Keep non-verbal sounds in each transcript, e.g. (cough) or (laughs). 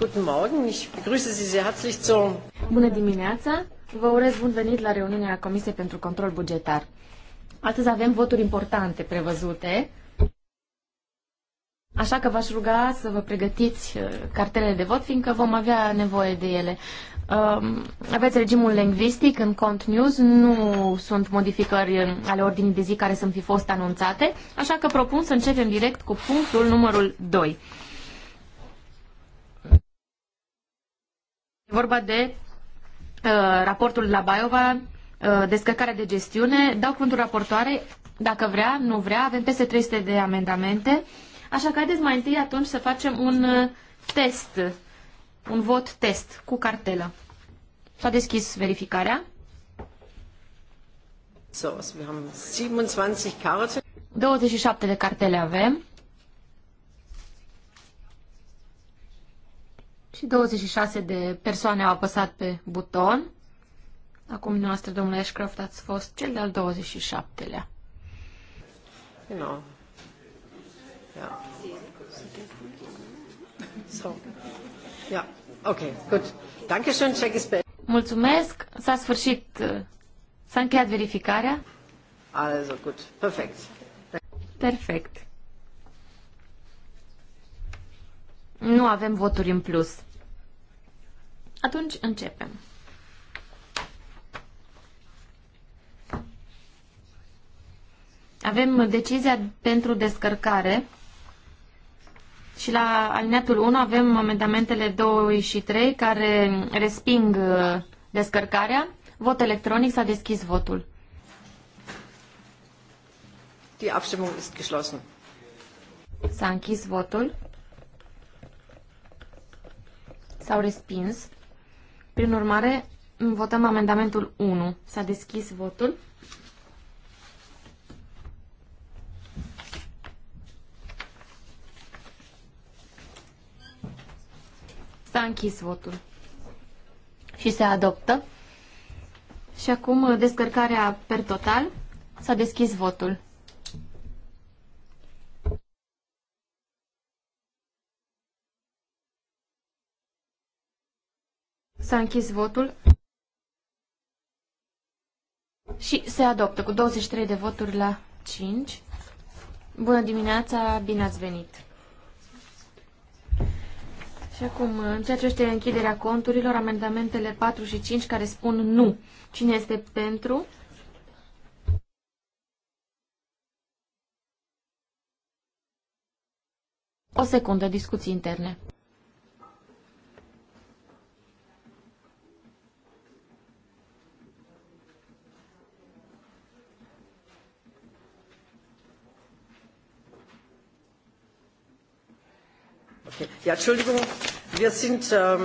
Guten Morgen, ich begrüße Sie sehr herzlich zur... Bună dimineața! Vă urez bun venit la reuniunea Comisiei pentru Control Bugetar. Astăzi avem voturi importante prevăzute, așa că v-aș ruga să vă pregătiți uh, cartelele de vot, fiindcă vom avea nevoie de ele. Um, aveți regimul lingvistic în cont news, nu sunt modificări uh, ale ordinii de zi care să fi fost anunțate, așa că propun să începem direct cu punctul numărul 2 E vorba de uh, raportul la Baiova, uh, descărcarea de gestiune. Dau cuvântul raportoare, dacă vrea, nu vrea, avem peste 300 de amendamente. Așa că haideți mai întâi atunci să facem un uh, test, un vot test cu cartelă. S-a deschis verificarea. So, 27 de cartele avem. Și 26 de persoane au apăsat pe buton. Acum, noastră, domnule Ashcroft, ați fost cel de-al 27-lea. Nu. No. Yeah. So. Yeah. Ok, good. Dankeschön, Mulțumesc. S-a sfârșit. S-a încheiat verificarea. Also, good. Perfect. Perfect. Nu avem voturi în plus. Atunci începem. Avem decizia pentru descărcare și la alineatul 1 avem amendamentele 2 și 3 care resping uh, descărcarea. Vot electronic s-a deschis votul. Die Abstimmung ist geschlossen. S-a închis votul. S-au respins. Prin urmare, votăm amendamentul 1. S-a deschis votul. S-a închis votul și se adoptă. Și acum descărcarea per total. S-a deschis votul. S-a închis votul și se adoptă cu 23 de voturi la 5. Bună dimineața, bine ați venit! Și acum, în ceea ce este închiderea conturilor, amendamentele 4 și 5 care spun nu. Cine este pentru? O secundă, discuții interne. Ja, Entschuldigung, wir sind ähm,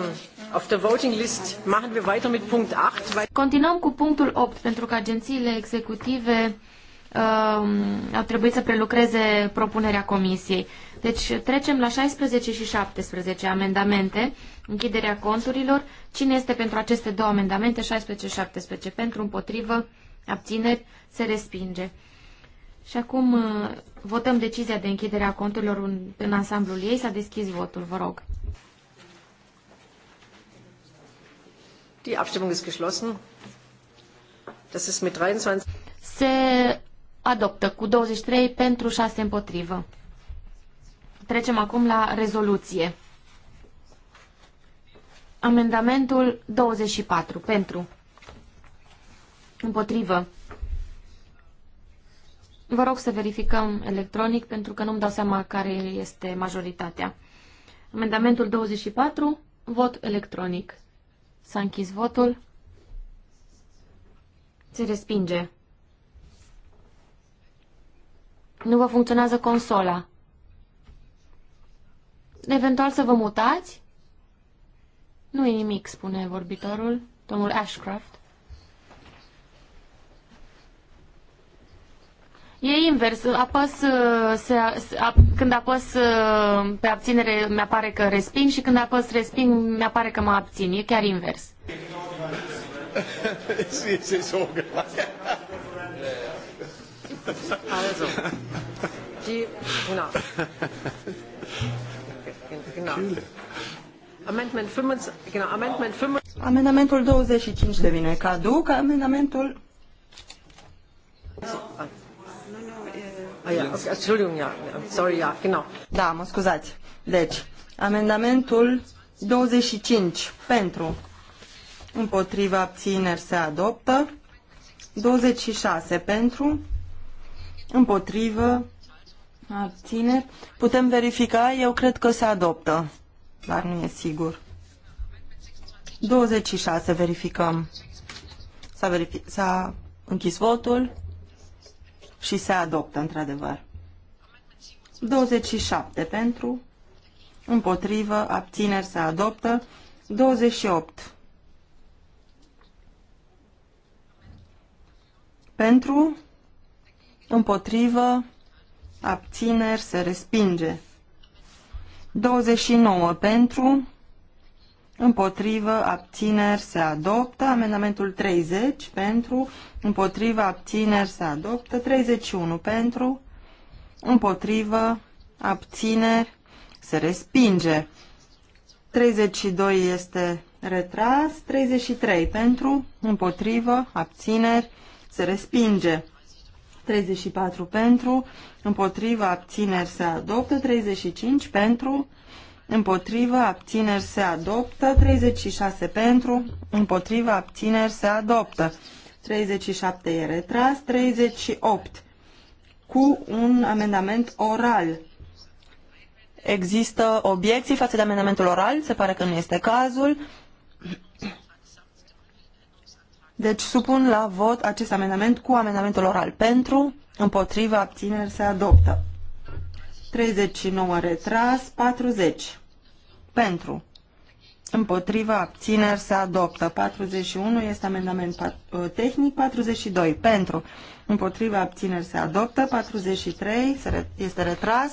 auf der voting list. Machen wir weiter mit Punkt 8. Weil Continuăm cu punctul 8 pentru că agențiile executive um, au trebuit să prelucreze propunerea comisiei. Deci trecem la 16 și 17 amendamente, închiderea conturilor. Cine este pentru aceste două amendamente, 16 și 17? Pentru, împotrivă, abțineri, se respinge. Și acum uh, votăm decizia de închidere a conturilor în, în ansamblul ei. S-a deschis votul, vă rog. Die Abstimmung ist geschlossen. Das ist mit 23 Se adoptă cu 23 pentru 6 împotrivă. Trecem acum la rezoluție. Amendamentul 24 pentru împotrivă Vă rog să verificăm electronic pentru că nu-mi dau seama care este majoritatea. Amendamentul 24, vot electronic. S-a închis votul. Se respinge. Nu vă funcționează consola. Eventual să vă mutați? Nu e nimic, spune vorbitorul, domnul Ashcraft. E invers. Apăs, uh, se, ap, când apăs uh, pe abținere, mi-apare că resping și când apăs resping, mi-apare că mă abțin. E chiar invers. (laughs) Amendment 25, 25. Amendamentul 25 devine caduc, amendamentul... Ah. Ah, da, mă scuzați. Deci, amendamentul 25 pentru, împotriva abțineri se adoptă, 26 pentru, împotrivă, abțineri. Putem verifica, eu cred că se adoptă, dar nu e sigur. 26 verificăm. S-a verific... închis votul și se adoptă, într-adevăr. 27 pentru, împotrivă, abțineri se adoptă, 28 pentru, împotrivă, abțineri se respinge, 29 pentru, Împotrivă, abțineri, se adoptă. Amendamentul 30 pentru. Împotrivă, abțineri, se adoptă. 31 pentru. Împotrivă, abțineri, se respinge. 32 este retras. 33 pentru. Împotrivă, abțineri, se respinge. 34 pentru. Împotrivă, abțineri, se adoptă. 35 pentru împotrivă, abțineri se adoptă, 36 pentru, împotrivă, abțineri se adoptă, 37 e retras, 38 cu un amendament oral. Există obiecții față de amendamentul oral? Se pare că nu este cazul. Deci supun la vot acest amendament cu amendamentul oral pentru, împotrivă, abțineri se adoptă. 39 retras, 40 pentru. Împotriva abțineri se adoptă. 41 este amendament uh, tehnic, 42 pentru. Împotriva abțineri se adoptă. 43 este retras.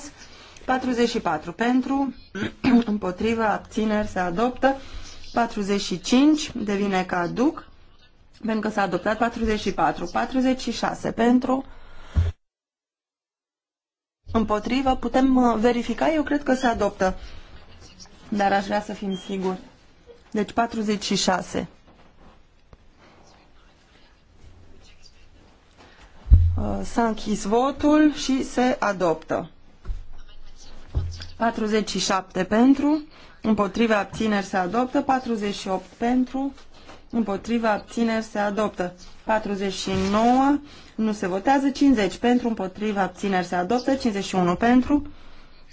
44 pentru. (clears throat) Împotriva abțineri se adoptă. 45 devine caduc pentru că s-a adoptat 44. 46 pentru. Împotrivă? Putem uh, verifica? Eu cred că se adoptă. Dar aș vrea să fim siguri. Deci 46. Uh, s-a închis votul și se adoptă. 47 pentru, împotriva abțineri se adoptă, 48 pentru, împotriva, abțineri, se adoptă. 49, nu se votează. 50 pentru, împotriva, abțineri, se adoptă. 51 pentru,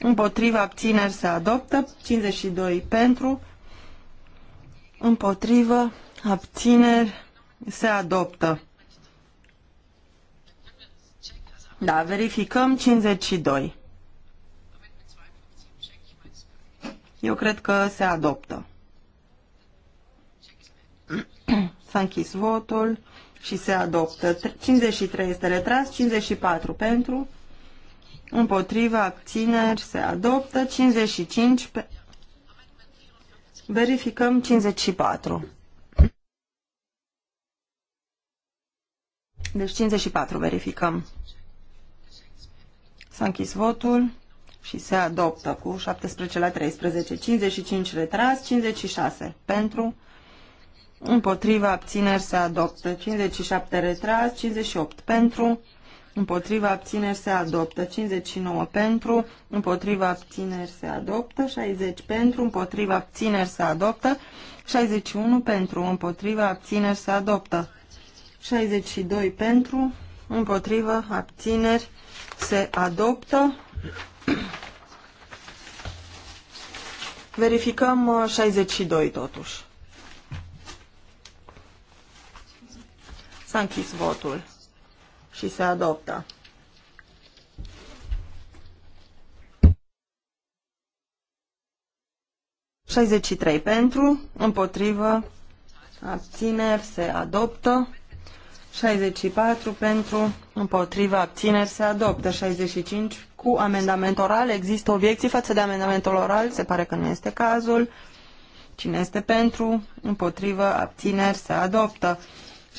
împotriva, abțineri, se adoptă. 52 pentru, împotriva, abțineri, se adoptă. Da, verificăm 52. Eu cred că se adoptă. S-a închis votul și se adoptă. 53 este retras, 54 pentru, împotriva, abțineri, se adoptă, 55 pe... Verificăm 54. Deci 54 verificăm. S-a închis votul și se adoptă cu 17 la 13. 55 retras, 56 pentru, împotriva abțineri se adoptă. 57 retras, 58 pentru, împotriva abțineri se adoptă. 59 pentru, împotriva abțineri se adoptă. 60 pentru, împotriva abțineri se adoptă. 61 pentru, împotriva abțineri se adoptă. 62 pentru, împotriva abțineri se adoptă. Verificăm 62 uh, totuși. S-a închis votul și se adoptă. Șaizeci trei pentru, împotrivă, abțineri, se adoptă. 64 pentru, împotriva, abțineri, se adoptă. 65 cu amendament oral. Există obiecții față de amendamentul oral? Se pare că nu este cazul. Cine este pentru, împotrivă, abțineri, se adoptă.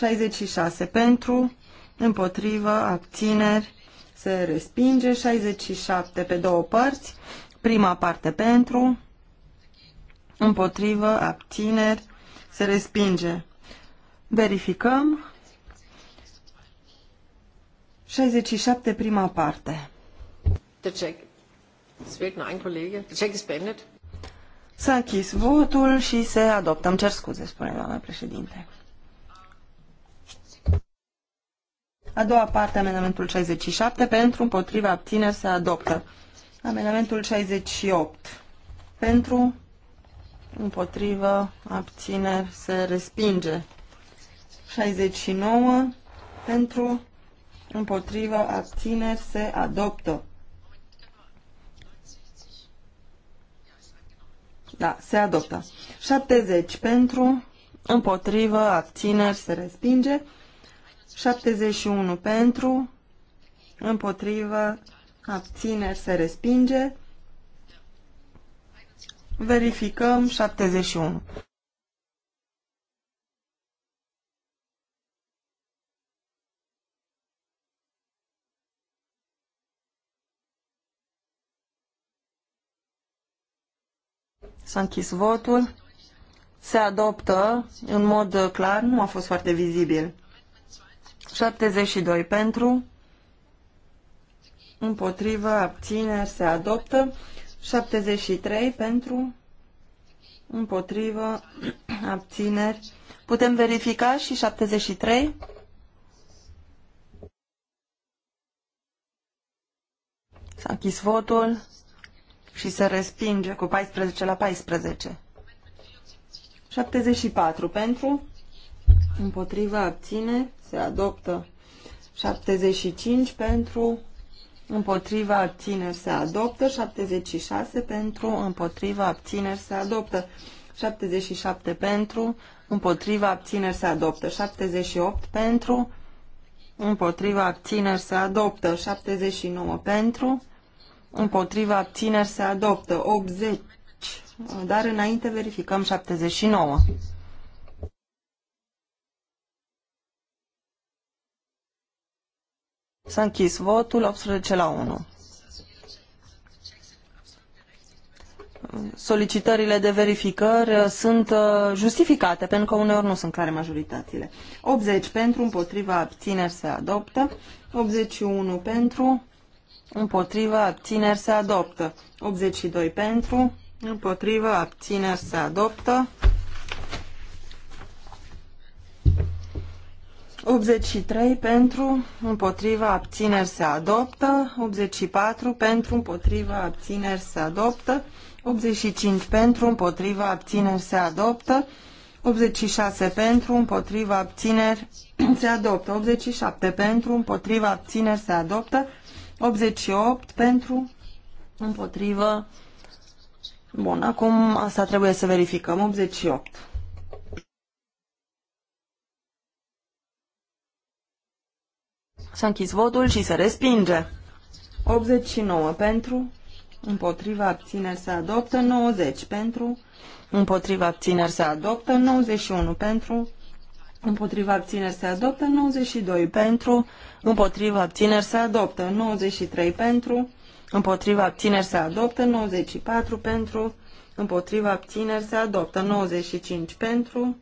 66 pentru, împotrivă, abțineri, se respinge. 67 pe două părți, prima parte pentru, împotrivă, abțineri, se respinge. Verificăm. 67 prima parte. S-a închis votul și se adoptă. Îmi cer scuze, spune doamna președinte. A doua parte, amendamentul 67, pentru, împotriva, abțineri, se adoptă. Amendamentul 68, pentru, împotriva, abțineri, se respinge. 69, pentru, împotriva, abțineri, se adoptă. Da, se adoptă. 70 pentru, împotriva, abțineri, se respinge. 71 pentru, împotrivă, abțineri se respinge. Verificăm 71. S-a închis votul. Se adoptă în mod clar, nu a fost foarte vizibil. 72 pentru, împotrivă, abțineri, se adoptă. 73 pentru, împotrivă, (clears throat) abțineri. Putem verifica și 73? S-a închis votul și se respinge cu 14 la 14. 74 pentru, Împotriva abține se adoptă. 75 pentru, împotriva abțineri se adoptă, 76 pentru, împotriva abțineri se adoptă, 77 pentru, împotriva abțineri se adoptă, 78 pentru, împotriva abțineri se adoptă, 79 pentru, împotriva abțineri se adoptă, 80, dar înainte verificăm 79. S-a închis votul 18 la 1. Solicitările de verificări uh, sunt uh, justificate, pentru că uneori nu sunt clare majoritățile. 80 pentru, împotriva, abțineri se adoptă. 81 pentru, împotriva, abțineri se adoptă. 82 pentru, împotriva, abțineri se adoptă. 83 pentru, împotriva, abțineri se adoptă, 84 pentru, împotriva, abțineri se adoptă, 85 pentru, împotriva, abțineri se adoptă, 86 (clears throat) pentru, împotriva, abțineri se adoptă, 87 pentru, împotriva, abțineri se adoptă, 88 pentru, împotriva, Bun, acum asta trebuie să verificăm. 88. S-a închis votul și se respinge. 89 pentru, împotriva abțineri se adoptă, 90 pentru, împotriva abțineri se adoptă, 91 pentru, împotriva abțineri se adoptă, 92 pentru, împotriva abțineri se adoptă, 93 pentru, împotriva abțineri se adoptă, 94 pentru, împotriva abțineri se adoptă, 95 pentru,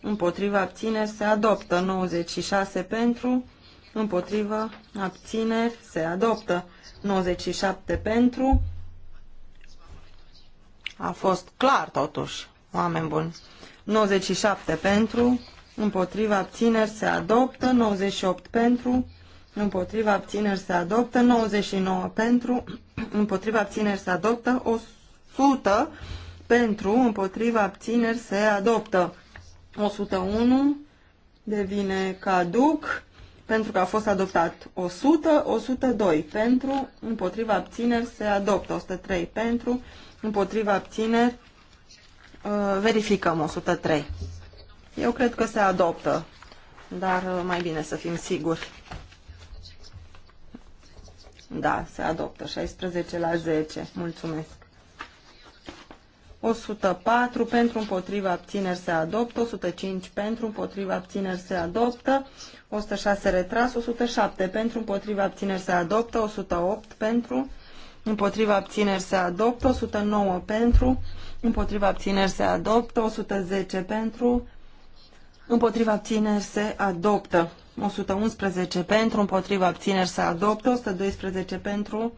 împotriva abțineri se adoptă, 96 pentru, împotrivă, abțineri, se adoptă. 97 pentru. A fost clar totuși, oameni buni. 97 pentru, împotriva abțineri se adoptă, 98 pentru, împotriva abțineri se adoptă, 99 pentru, (clears throat) împotriva abțineri se adoptă, 100 pentru, împotriva abțineri se adoptă, 101 devine caduc, pentru că a fost adoptat 100, 102 pentru, împotriva abțineri se adoptă 103 pentru, împotriva abțineri uh, verificăm 103. Eu cred că se adoptă, dar uh, mai bine să fim siguri. Da, se adoptă 16 la 10. Mulțumesc. 104 pentru împotriva abțineri se adoptă, 105 pentru împotriva abțineri se adoptă, 106 retras, 107 pentru, împotriva abțineri se adoptă, 108 pentru, împotriva abțineri se adoptă, 109 pentru, împotriva abțineri se adoptă, 110 pentru, împotriva abțineri se adoptă, 111 pentru, împotriva abțineri se adoptă, 112 pentru,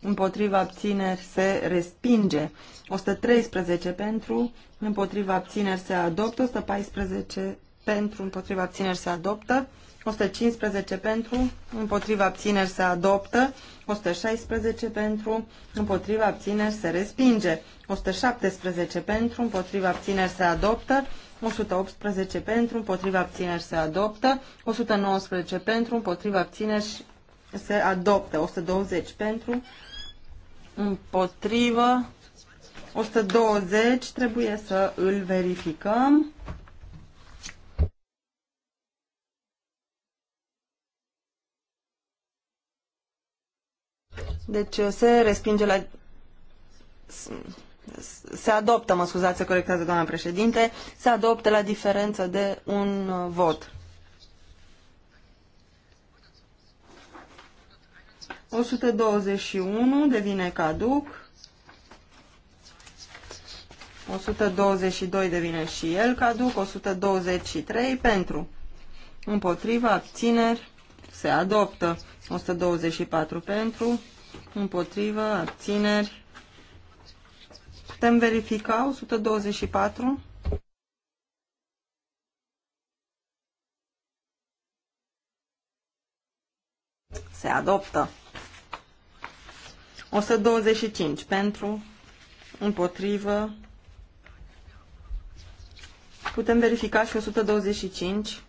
împotriva abțineri se respinge, 113 pentru, împotriva abțineri se adoptă, 114 pentru, împotriva abțineri se adoptă, 115 pentru, împotriva abțineri se adoptă, 116 pentru, împotriva abțineri se respinge, 117 pentru, împotriva abțineri se adoptă, 118 pentru, împotriva abțineri se adoptă, 119 pentru, împotriva abțineri se adoptă, 120 pentru, împotrivă, 120 trebuie să îl verificăm. Deci uh, se respinge la... Se adoptă, mă scuzați, se corectează doamna președinte, se adoptă la diferență de un uh, vot. 121 devine caduc. 122 devine și el caduc. 123 pentru. Împotriva, abțineri, se adoptă. 124 pentru, Împotrivă, abțineri. Putem verifica 124. Se adoptă. 125 pentru, împotrivă. Putem verifica și 125.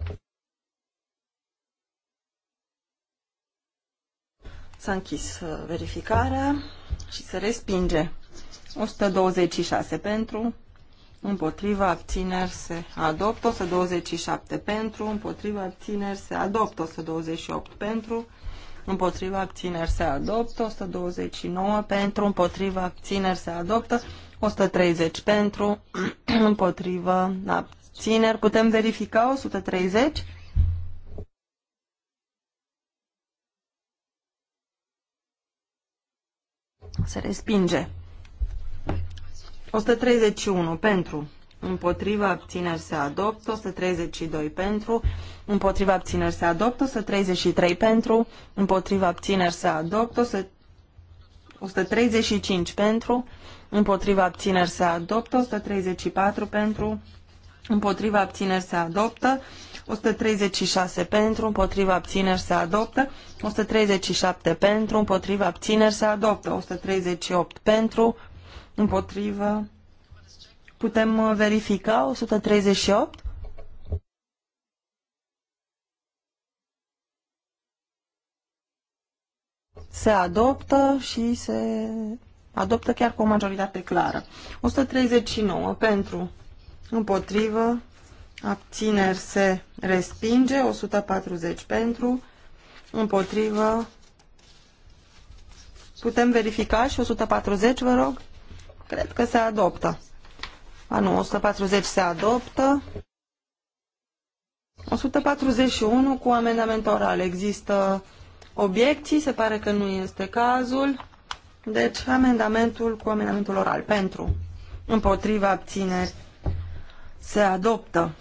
S-a închis uh, verificarea și se respinge. 126 pentru, împotriva abțineri se adoptă, 127 pentru, împotriva abțineri se adoptă, 128 pentru, împotriva abțineri se adoptă, 129 pentru, împotriva abțineri se adoptă, 130 pentru, (clears throat) împotriva abțineri. Putem verifica 130? Se respinge. 131 pentru, împotriva abțineri se adoptă, 132 pentru, împotriva abțineri se adoptă, 133 pentru, împotriva abțineri se adoptă, 135 pentru, împotriva abțineri se adoptă, 134 pentru, împotriva abțineri se adoptă, 136 pentru, împotriva abțineri se adoptă, 137 pentru, împotriva abțineri se adoptă, 138 pentru, împotriva... Putem uh, verifica 138? Se adoptă și se adoptă chiar cu o majoritate clară. 139 pentru împotrivă, abțineri se respinge, 140 pentru, împotrivă, putem verifica și 140, vă rog? Cred că se adoptă. A, nu, 140 se adoptă. 141 cu amendament oral. Există obiecții, se pare că nu este cazul. Deci, amendamentul cu amendamentul oral. Pentru. Împotriva abțineri se adoptă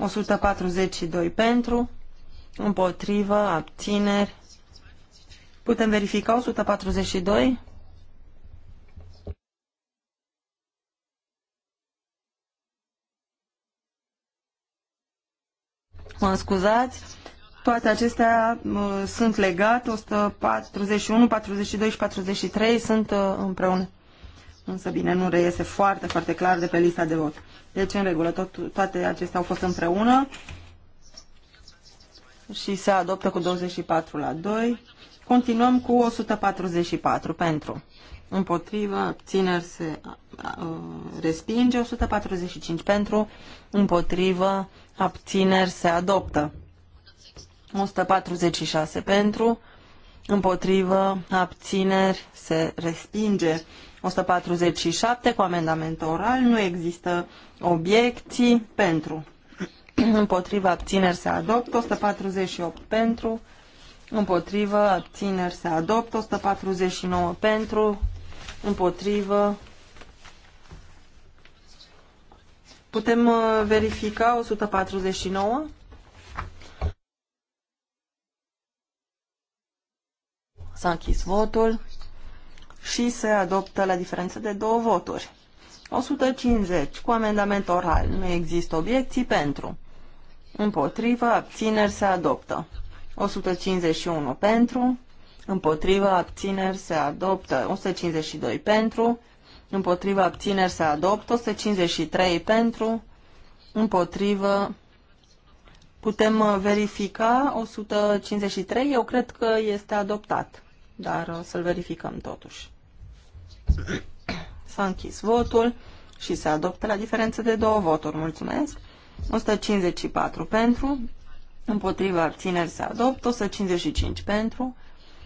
142 pentru, împotrivă, abțineri. Putem verifica 142? Mă scuzați, toate acestea uh, sunt legate, 141, 42 și 43 sunt uh, împreună. Însă, bine, nu reiese foarte, foarte clar de pe lista de vot. Deci, în regulă, tot, toate acestea au fost împreună și se adoptă cu 24 la 2. Continuăm cu 144 pentru. Împotrivă, abțineri se uh, respinge, 145 pentru, împotrivă, abțineri se adoptă. 146 pentru, împotrivă, abțineri, se respinge. 147 cu amendament oral, nu există obiecții pentru. (clears throat) împotrivă, abțineri, se adoptă. 148 pentru, împotrivă, abțineri, se adoptă. 149 pentru, împotrivă. Putem uh, verifica 149? S-a închis votul și se adoptă la diferență de două voturi. 150. Cu amendament oral. Nu există obiecții pentru. Împotrivă, abțineri se adoptă. 151 pentru. Împotrivă, abțineri se adoptă. 152 pentru. Împotrivă, abțineri se adoptă. 153 pentru. Împotrivă, putem verifica. 153, eu cred că este adoptat dar o uh, să-l verificăm totuși. (clears throat) S-a închis votul și se adoptă la diferență de două voturi. Mulțumesc! 154 pentru, împotriva abțineri se adoptă, 155 pentru,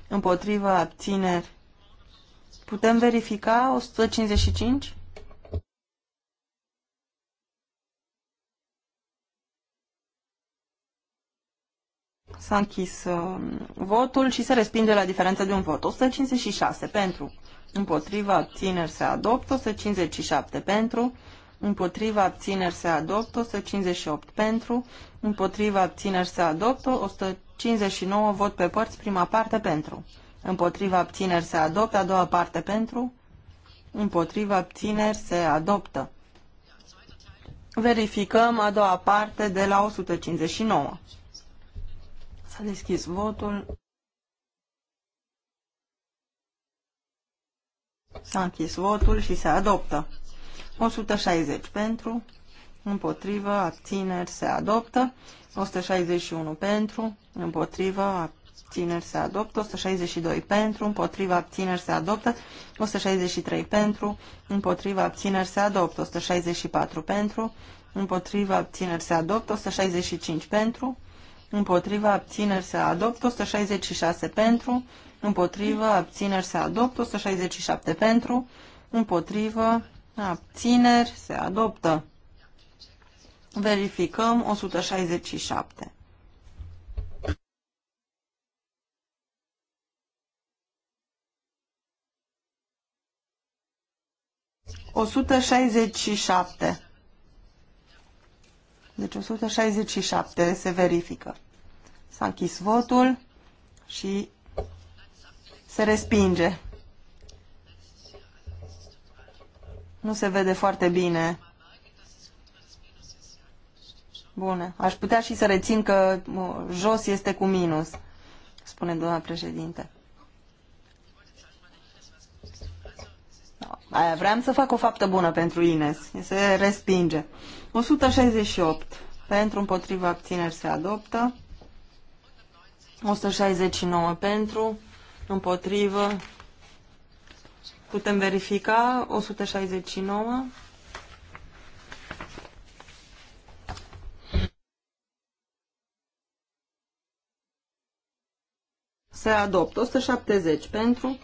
împotriva abțineri. Putem verifica 155? S-a închis uh, votul și se respinge la diferență de un vot. 156 pentru, împotriva abțineri se adoptă, 157 pentru, împotriva abțineri se adoptă, 158 pentru, împotriva abțineri se adoptă, 159 vot pe părți, prima parte pentru, împotriva abțineri se adoptă, a doua parte pentru, împotriva abțineri se adoptă. Verificăm a doua parte de la 159. S-a deschis votul. S-a închis votul și se adoptă. 160 pentru, împotrivă, abțineri, se adoptă. 161 pentru, împotrivă, abțineri, se adoptă. 162 pentru, împotrivă, abțineri, se adoptă. 163 pentru, împotrivă, abțineri, se adoptă. 164 pentru, împotrivă, abțineri, se adoptă. 165 pentru, împotriva abțineri se adoptă, 166 pentru, împotriva abțineri se adoptă, 167 pentru, împotriva abțineri se adoptă. Verificăm 167. O sută șaizeci și șapte. Deci 167 se verifică. S-a închis votul și se respinge. Nu se vede foarte bine. Bune. Aș putea și să rețin că uh, jos este cu minus, spune doamna președinte. Da, aia, vreau să fac o faptă bună pentru Ines. Se respinge. 168. Pentru, împotriva abțineri se adoptă. 169 pentru, împotrivă. Putem verifica 169. Se adoptă 170 pentru.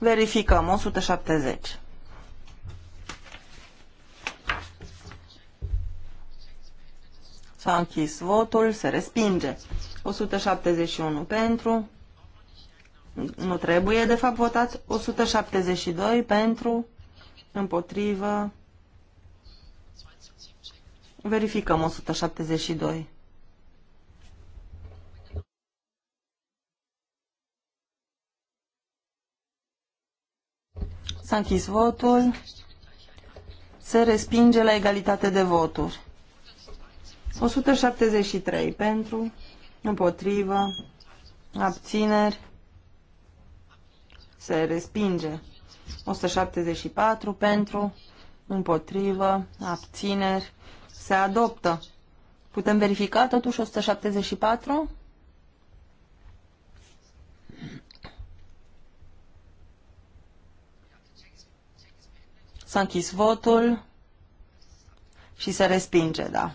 Verificăm 170. S-a închis votul, se respinge. 171 pentru. Nu trebuie, de fapt, votați. 172 pentru, împotrivă. Verificăm 172. S-a închis votul. Se respinge la egalitate de voturi. 173 pentru, împotrivă, abțineri, se respinge. 174 pentru, împotrivă, abțineri, se adoptă. Putem verifica totuși 174? S-a închis votul și se respinge, da.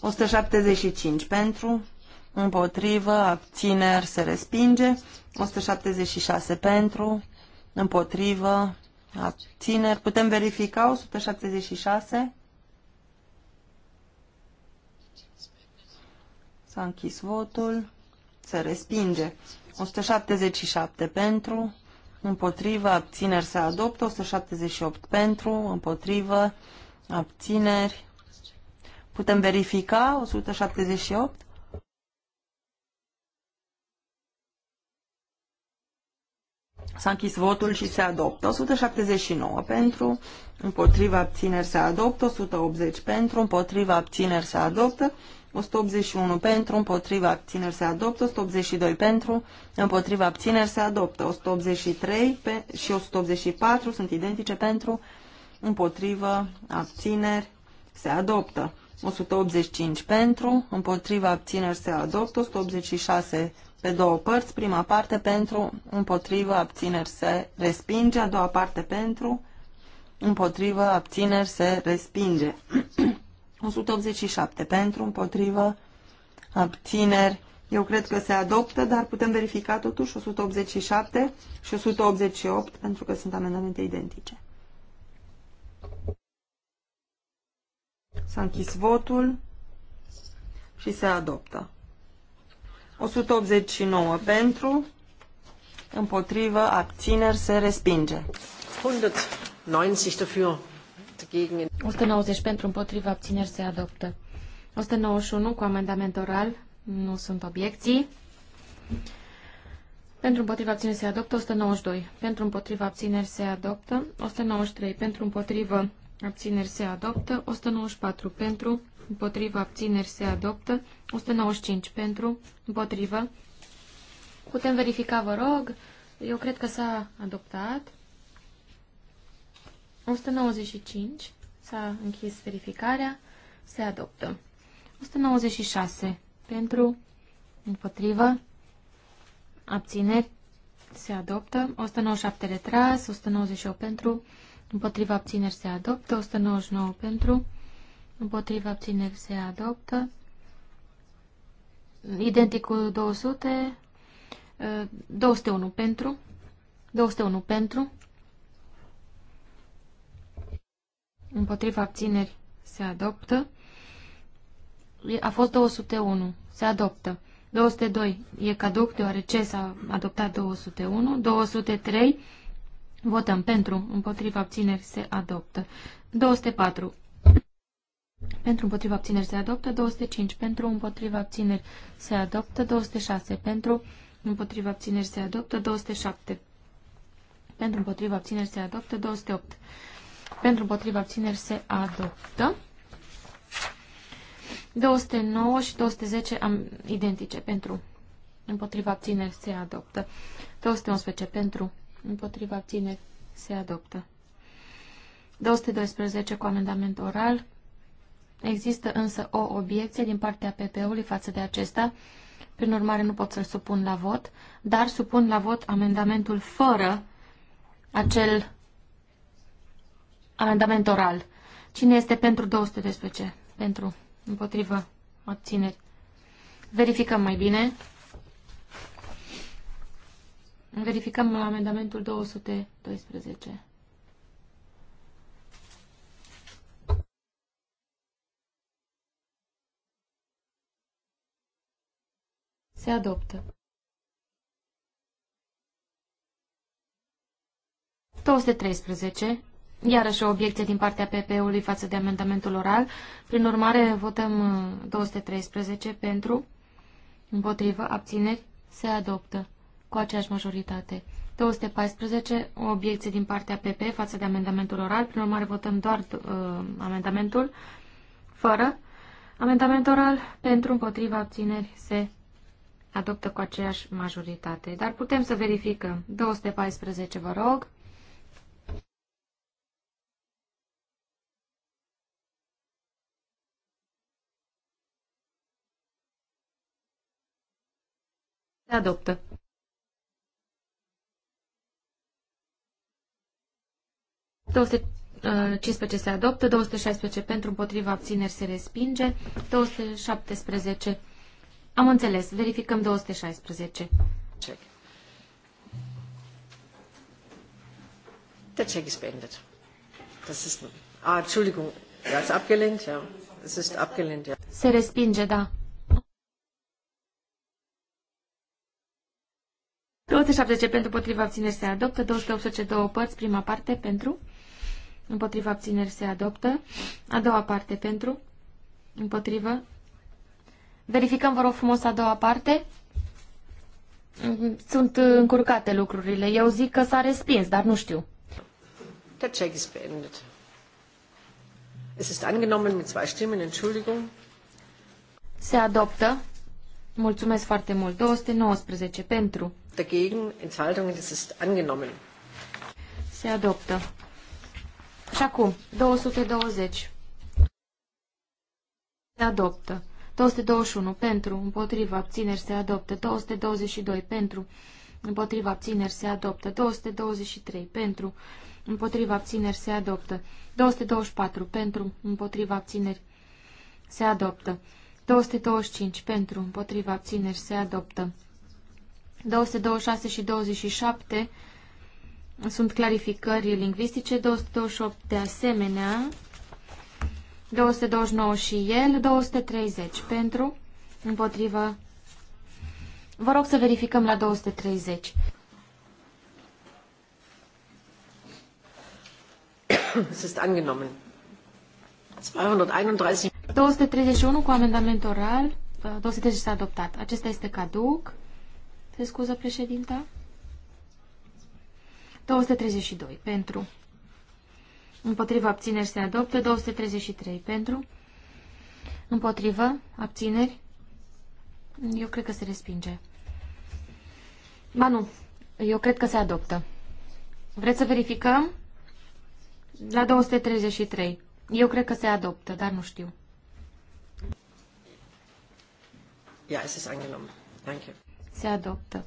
175 pentru, împotrivă, abțineri, se respinge. 176 pentru, împotrivă, abțineri. Putem verifica 176? S-a închis votul. Se respinge. 177 pentru, împotrivă, abțineri se adoptă, 178 pentru, împotrivă, abțineri. Putem verifica 178? S-a închis votul și se adoptă. 179 pentru, împotriva abțineri se adoptă, 180 pentru, împotriva abțineri se adoptă, 181 pentru, împotriva abțineri se adoptă, 182 pentru, împotriva abțineri se adoptă, 183 pe, și 184 sunt identice pentru, împotriva abțineri se adoptă, 185 pentru, împotriva abțineri se adoptă, 186 pe două părți, prima parte pentru, împotriva abțineri se respinge, a doua parte pentru, împotriva abțineri se respinge. 187 pentru, împotriva abțineri. Eu cred că se adoptă, dar putem verifica totuși 187 și 188 pentru că sunt amendamente identice. S-a închis votul și se adoptă. 189 pentru, împotrivă, abțineri, se respinge. 190 pentru, împotrivă, abțineri, se adoptă. 191 cu amendament oral, nu sunt obiecții. Pentru împotriva abțineri se adoptă 192. Pentru împotriva abțineri se adoptă 193. Pentru împotriva abțineri se adoptă, 194 pentru, împotrivă, abțineri se adoptă, 195 pentru, împotrivă. Putem verifica, vă rog, eu cred că s-a adoptat. 195, s-a închis verificarea, se adoptă. 196 pentru, împotrivă, abțineri se adoptă, 197 retras, 198 pentru, împotriva abțineri se adoptă, 199 pentru, împotriva abțineri se adoptă, identic cu 200, 201 uh, pentru, 201 pentru, împotriva abțineri se adoptă, a fost 201, se adoptă. 202 e caduc deoarece s-a adoptat 201, 203 Votăm pentru, împotriva abțineri se adoptă. 204. Pentru împotriva abțineri se adoptă. 205. Pentru împotriva abțineri se adoptă. 206. Pentru împotriva abțineri se adoptă. 207. Pentru împotriva abțineri se adoptă. 208. Pentru împotriva abțineri se adoptă. 209 și 210 am identice pentru împotriva abțineri se adoptă. 211 pentru împotriva abțineri se adoptă. 212 cu amendament oral. Există însă o obiecție din partea PP-ului față de acesta, prin urmare nu pot să-l supun la vot, dar supun la vot amendamentul fără acel amendament oral. Cine este pentru 212? Pentru, împotrivă, abțineri. Verificăm mai bine. Verificăm amendamentul 212. Se adoptă. 213. Iarăși o obiecție din partea PP-ului față de amendamentul oral. Prin urmare, votăm 213 uh, pentru, împotrivă, abțineri, se adoptă cu aceeași majoritate. 214, o obiecție din partea PP față de amendamentul oral. Prin urmare, votăm doar uh, amendamentul fără. Amendament oral pentru împotriva abțineri se adoptă cu aceeași majoritate. Dar putem să verificăm. 214, vă rog. Se adoptă. 215 uh, se adoptă, 216 pentru împotriva abțineri se respinge, 217. Am înțeles. Verificăm 216. Check. Der Check ist beendet. Das ist... Ah, Entschuldigung. Ja, ist abgelehnt, ja. Es ist abgelehnt, ja. Se respinge, da. 217 pentru potriva abțineri se adoptă, 282 părți, prima parte pentru, Împotriva abțineri se adoptă. A doua parte pentru. Împotrivă. Verificăm, vă rog frumos, a doua parte. Sunt încurcate lucrurile. Eu zic că s-a respins, dar nu știu. Der check ist beendet. Es ist angenommen mit zwei Stimmen, Entschuldigung. Se adoptă. Mulțumesc foarte mult. 219 pentru. Dagegen, Enthaltungen, es ist angenommen. Se adoptă. Și acum, 220. Se adoptă. 221 pentru, împotriva, abțineri se adoptă. 222 pentru, împotriva, abțineri se adoptă. 223 pentru, împotriva, abțineri se adoptă. 224 pentru, împotriva, abțineri se adoptă. 225 pentru, împotriva, abțineri se adoptă. 226 și 27 sunt clarificări lingvistice, 228 de asemenea, 229 și el, 230 pentru, împotrivă. Vă rog să verificăm la 230. (coughs) Es ist angenommen. 231. 231 cu amendament oral. 230 s-a adoptat. Acesta este caduc. Se scuză președinta. 232 pentru. Împotrivă abțineri se adoptă. 233 pentru. Împotrivă abțineri. Eu cred că se respinge. Ba nu. Eu cred că se adoptă. Vreți să verificăm? La 233. Eu cred că se adoptă, dar nu știu. Ja, es ist angenommen. Danke. Se adoptă.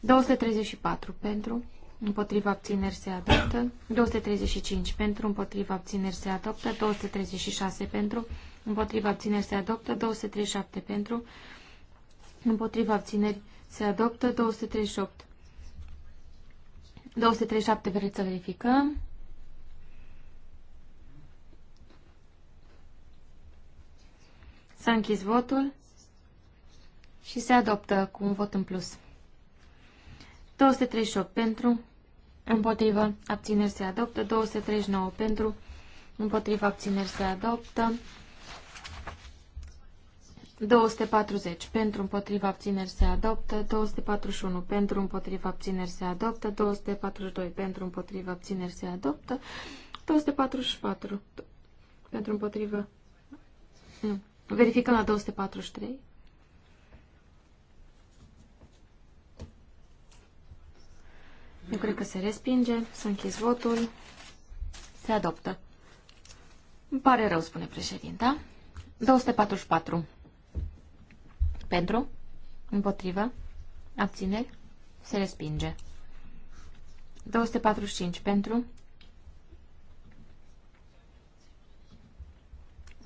234 pentru împotriva abțineri se adoptă, 235 pentru, împotriva abțineri se adoptă, 236 pentru, împotriva abțineri se adoptă, 237 pentru, împotriva abțineri se adoptă, 238. 237 vreți să verificăm. S-a închis votul și se adoptă cu un vot în plus. 238 pentru, Împotrivă, abțineri se adoptă. 239 pentru. Împotrivă, abțineri se adoptă. 240 pentru împotriva abțineri se adoptă, 241 pentru împotriva abțineri se adoptă, 242 pentru împotriva abțineri se adoptă, 244 pentru împotriva... Nu. Mm. Verificăm la 243. Eu cred că se respinge. Să închis votul. Se adoptă. Îmi pare rău, spune președinta. 244. Pentru? Împotrivă? Abțineri? Se respinge. 245. Pentru?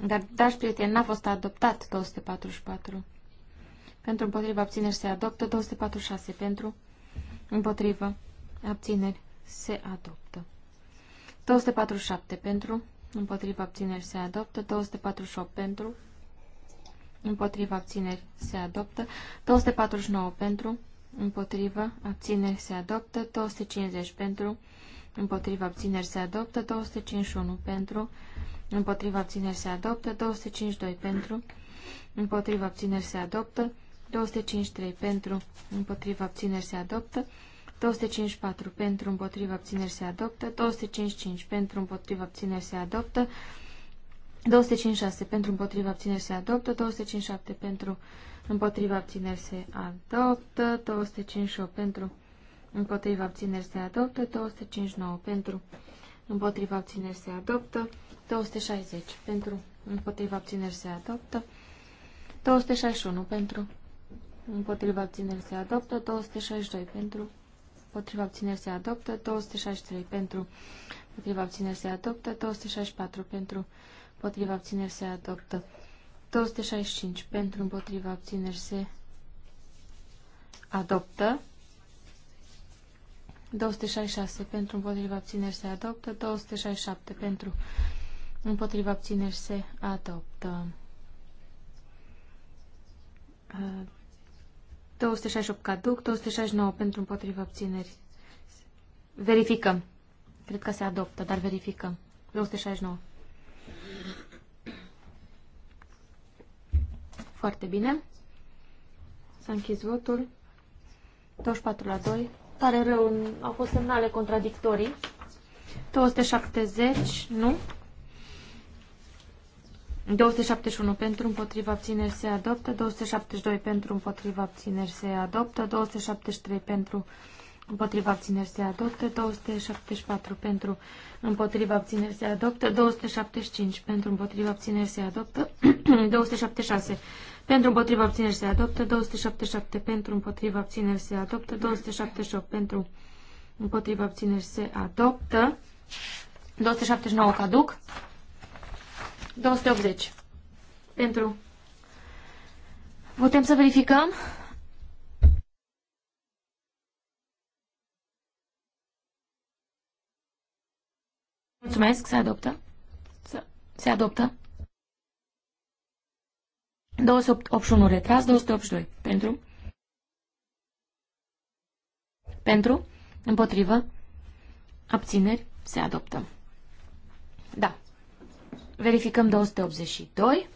Dar, dragi prieteni, n-a fost adoptat 244. Pentru împotrivă abțineri se adoptă 246. Pentru împotrivă abțineri, se adoptă. 247 pentru, împotriva abțineri, se adoptă. 248 pentru, împotriva abțineri, se adoptă. 249 pentru, împotriva abțineri, se adoptă. 250 pentru, împotriva abțineri, se adoptă. 251 pentru, împotriva abțineri, se adoptă. 252 pentru, împotriva abțineri, se adoptă. 253 pentru, împotriva abțineri, se adoptă. 254 pentru împotriva abțineri se adoptă, 255 pentru împotriva abțineri se adoptă, 256 pentru împotriva abțineri se adoptă, 257 pentru împotriva abțineri se adoptă, 258 pentru împotriva abțineri se adoptă, 259 pentru împotriva abțineri se adoptă, 260 pentru împotriva abțineri se adoptă, 261 pentru împotriva abțineri se adoptă, 262 pentru Potriva abțineri se adoptă, 263 pentru, Potriva abțineri se adoptă, 264 pentru, Potriva abțineri se adoptă, 265 pentru, Potriva abțineri se adoptă, 266 pentru, împotriva obțineri se adoptă, 267 pentru, împotriva obțineri se adoptă. 268 caduc, 269 pentru împotriva obțineri. Verificăm. Cred că se adoptă, dar verificăm. 269. Foarte bine. S-a închis votul. 24 la 2. Pare rău, au fost semnale contradictorii. 270, nu. 271 pentru împotriva abțineri se adoptă, 272 pentru împotriva abțineri se adoptă, 273 pentru împotriva abțineri se adoptă, 274 pentru împotriva abțineri se adoptă, 275 pentru împotriva abțineri se adoptă, 276 (clears throat) pentru împotriva abțineri se adoptă, 277 pentru împotriva abțineri se adoptă, 278 pentru împotriva abțineri se adoptă, 279 caduc. 280. Pentru. Putem să verificăm? Mulțumesc, se adoptă. Se adoptă. 281 retras, 282. Pentru? Pentru? Împotrivă? Abțineri? Se adoptă. Da. Verificăm 282.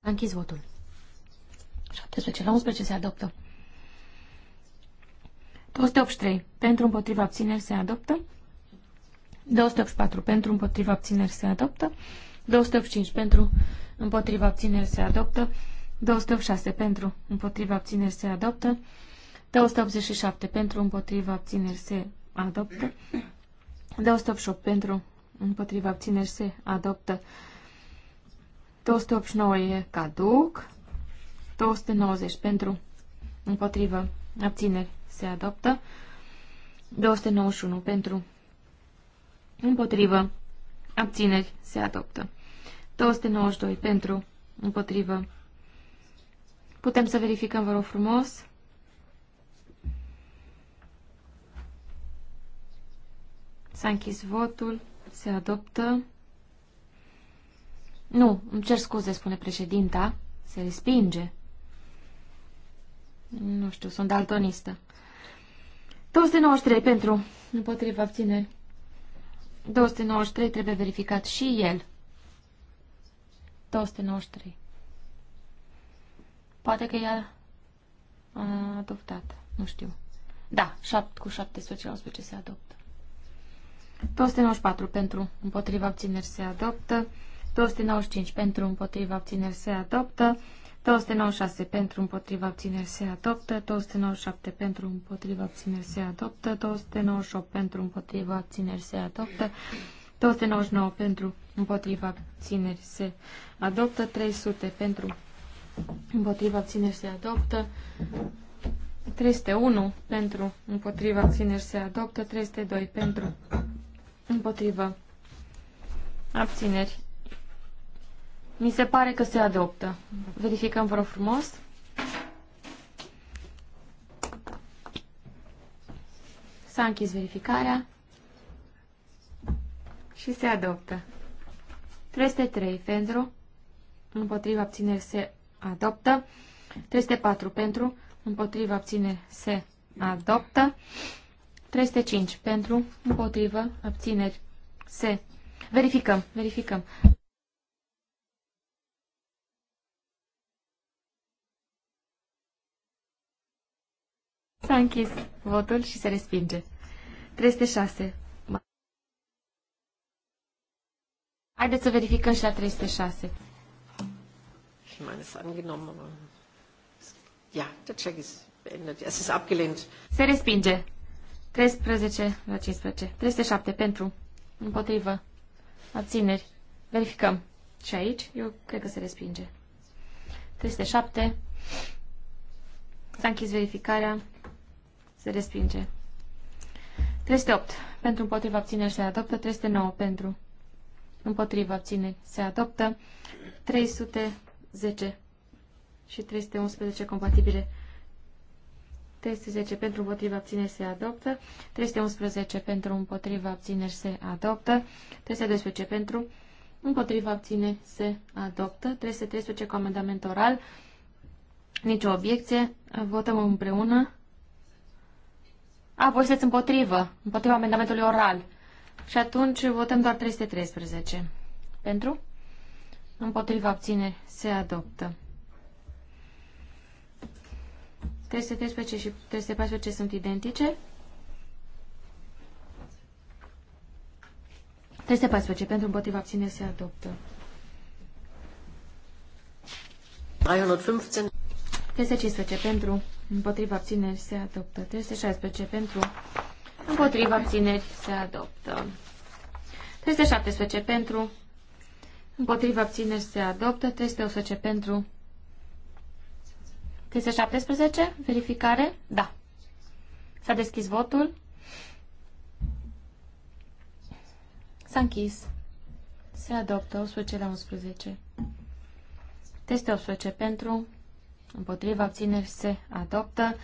A închis votul. 17 la 11 se adoptă. 283. Pentru împotriva abțineri se adoptă. 284. Pentru împotriva abțineri se adoptă. 285. Pentru împotriva abțineri se adoptă. 286. Pentru împotriva abțineri se adoptă. 287. Pentru împotriva abțineri se adoptă. De 188 pentru, împotriva abțineri se adoptă. 289 e caduc. 290 pentru, împotriva abțineri se adoptă. 291 pentru, împotriva abțineri se adoptă. 292 pentru, împotriva. Putem să verificăm, vă rog frumos. S-a închis votul. Se adoptă. Nu, îmi cer scuze, spune președinta. Se respinge. Nu știu, sunt daltonistă. 293 pentru. Împotriva abțineri. 293 trebuie verificat și el. 293. Poate că ea a adoptat. Nu știu. Da, șapt, cu 17 la se adoptă. 294 pentru împotriva abțineri se adoptă. 295 pentru împotriva abțineri se adoptă. 296 pentru împotriva abțineri se adoptă, 297 pentru împotriva abțineri se adoptă, 298 pentru împotriva abțineri se adoptă, 299 pentru împotriva abțineri se adoptă, 300 pentru împotriva abțineri se adoptă, 301 pentru împotriva abțineri se adoptă, 302 pentru Împotrivă. Abțineri. Mi se pare că se adoptă. Verificăm, vă rog frumos. S-a închis verificarea și se adoptă. 303 pentru, împotriva abțineri se adoptă. 304 pentru, împotriva abțineri se adoptă. 305 pentru, împotrivă, abțineri, se. Verificăm, verificăm. S-a închis votul și se respinge. 306. Haideți să verificăm și la 306. Ich meine, es angenommen. Ja, der Check ist beendet. Es ist abgelehnt. Se respinge. 13 la 15. 307 pentru. Împotrivă. Abțineri. Verificăm. Și aici, eu cred că se respinge. 307. S-a închis verificarea. Se respinge. 308. Pentru împotriva abțineri se adoptă. 309 pentru. Împotriva abțineri se adoptă. 310 și 311 compatibile 310 pentru împotriva abțineri se adoptă, 311 pentru împotriva abțineri se adoptă, 312 pentru împotriva abțineri se adoptă, 313 cu amendament oral, nicio obiecție, votăm împreună. A, voi sunteți împotrivă, împotriva amendamentului oral. Și atunci votăm doar 313. Pentru? Împotriva abțineri se adoptă. 313 și 314 sunt identice. 314 pentru împotriva abține se adoptă. 315. 315 pentru împotriva abțineri se adoptă. 316 pentru împotriva abțineri se adoptă. 317 pentru împotriva abțineri se adoptă. 311 pentru 17? verificare? Da. S-a deschis votul. S-a închis. Se adoptă 18 la 11. Teste 18 pentru, împotriva abțineri se adoptă.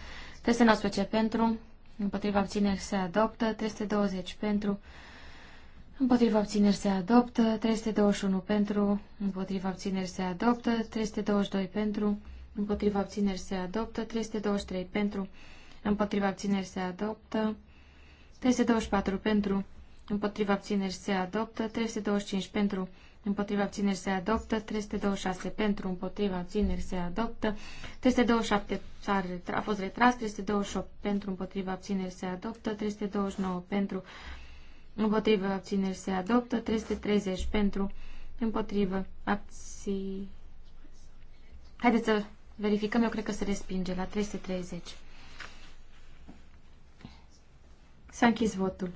Teste 19 pentru, împotriva abțineri se adoptă. teste 20 pentru, împotriva abțineri se adoptă. 321 pentru, împotriva abțineri se adoptă. 322 pentru, împotriva abțineri se adoptă, 323 pentru, împotriva abțineri se adoptă, 324 pentru, împotriva abțineri se adoptă, 325 pentru, împotriva abțineri se adoptă, 326 pentru, împotriva abțineri se adoptă, 327 a fost retras, 328 pentru, împotriva abțineri se adoptă, 329 pentru, împotriva abțineri se adoptă, 330 pentru, împotriva abțineri. Haideți să Verificăm, eu cred că se respinge la 330. S-a închis votul.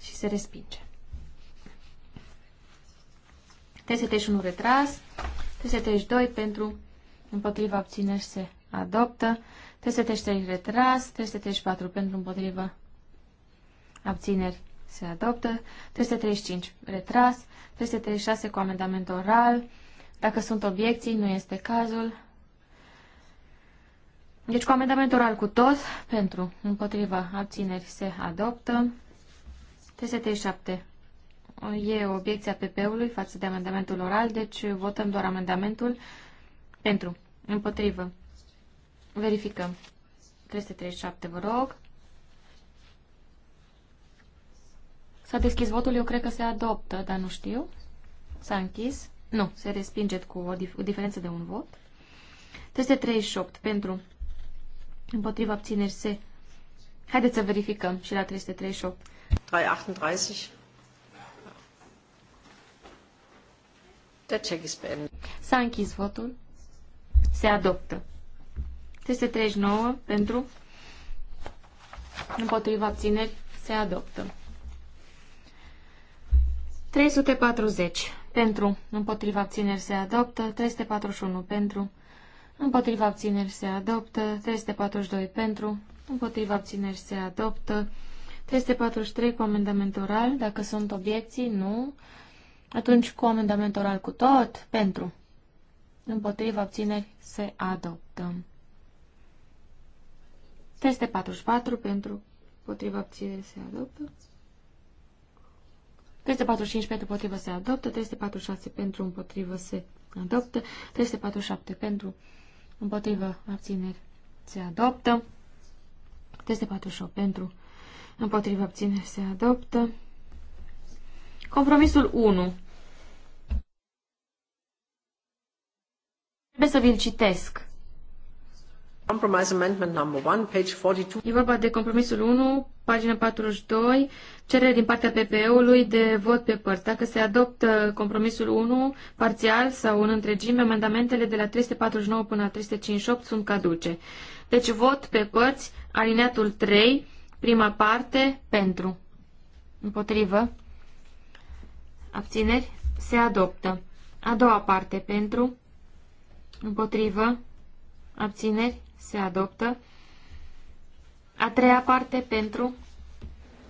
Și se respinge. 331 retras. 332 pentru împotriva abțineri se adoptă. 333 retras. 334 pentru împotriva abțineri se adoptă. 335 retras. 336 cu amendament oral. Dacă sunt obiecții, nu este cazul. Deci cu amendament oral cu tot, pentru, împotriva, abțineri, se adoptă. 337 e obiecția PP-ului față de amendamentul oral, deci votăm doar amendamentul pentru, împotrivă. Verificăm. 337, vă rog. S-a deschis votul, eu cred că se adoptă, dar nu știu. S-a închis. Nu, se respinge cu o, dif o diferență de un vot. 338 pentru împotriva abțineri se... Haideți să verificăm și la 338. 338. check is S-a închis votul. Se adoptă. 339 pentru împotriva abțineri se adoptă. 340 pentru, împotriva abțineri se adoptă, 341 pentru, împotriva abțineri se adoptă, 342 pentru, împotriva abțineri se adoptă, 343 cu amendament oral, dacă sunt obiecții, nu, atunci cu amendament oral cu tot, pentru, împotriva abțineri se adoptă. 344 pentru, împotriva abțineri se adoptă. 345 pentru împotrivă se adoptă, 346 pentru împotrivă se adoptă, 347 pentru împotrivă abțineri se adoptă, 348 pentru împotrivă abțineri se adoptă. Compromisul 1. Trebuie să vi-l citesc. Compromise amendment number 1, page 42. E vorba de compromisul 1, pagina 42, cerere din partea PPE-ului de vot pe părți. Dacă se adoptă compromisul 1, parțial sau în întregime, amendamentele de la 349 până la 358 sunt caduce. Deci vot pe părți, alineatul 3, prima parte, pentru. Împotrivă. Abțineri. Se adoptă. A doua parte, pentru. Împotrivă. Abțineri. Se adoptă. A treia parte pentru,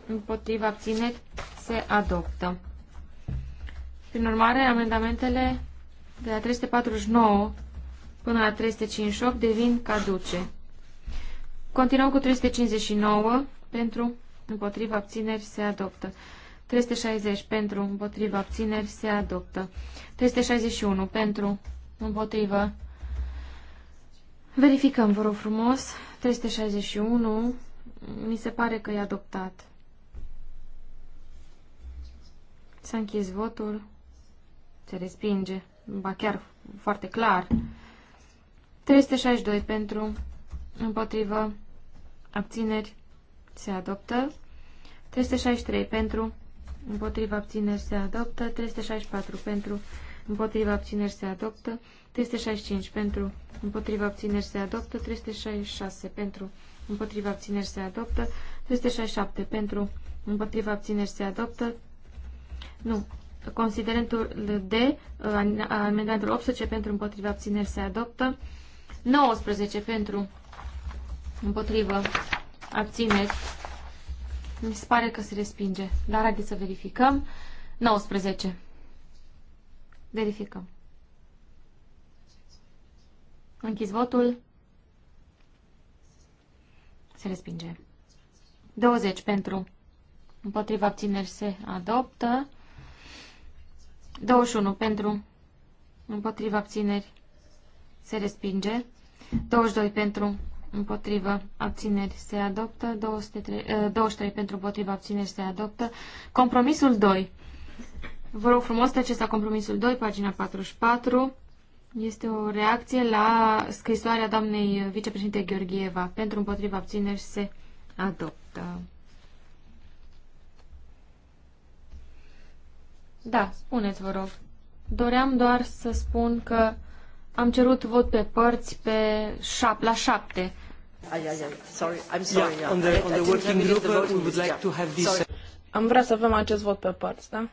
împotriva abțineri, se adoptă. Prin urmare, amendamentele de la 349 până la 358 devin caduce. Continuăm cu 359 pentru, împotriva abțineri, se adoptă. 360 pentru, împotriva abțineri, se adoptă. 361 pentru, împotriva. Verificăm, vă rog frumos. 361 mi se pare că e adoptat. S-a închis votul. Se respinge. Ba chiar foarte clar. 362 pentru, împotrivă, abțineri, se adoptă. 363 pentru, împotrivă, abțineri, se adoptă. 364 pentru, împotriva abțineri se adoptă, 365 pentru, împotriva abțineri se adoptă, 366 pentru, împotriva abțineri se adoptă, 367 pentru, împotriva abțineri se adoptă, nu, considerentul D, uh, amendamentul 18 pentru, împotriva abțineri se adoptă, 19 pentru, împotriva abțineri, mi se pare că se respinge, dar haideți să verificăm, 19. Verificăm. Închis votul. Se respinge. 20 pentru. Împotriva abțineri se adoptă. 21 pentru. Împotriva abțineri se respinge. 22 pentru. împotriva abțineri se adoptă. 23, 23 eh, pentru împotriva abțineri se adoptă. Compromisul 2 Vă rog frumos, tăceți la compromisul 2, pagina 44. Este o reacție la scrisoarea doamnei vicepreședinte Gheorgheva. Pentru împotriva abțineri se adoptă. Da, spuneți, vă rog. Doream doar să spun că am cerut vot pe părți pe șap, la șapte. Ai, ai, ai. Sorry, I'm sorry. Yeah, on the, on the working group, we would like to have this... Sorry. Am vrea să avem acest vot pe părți, da?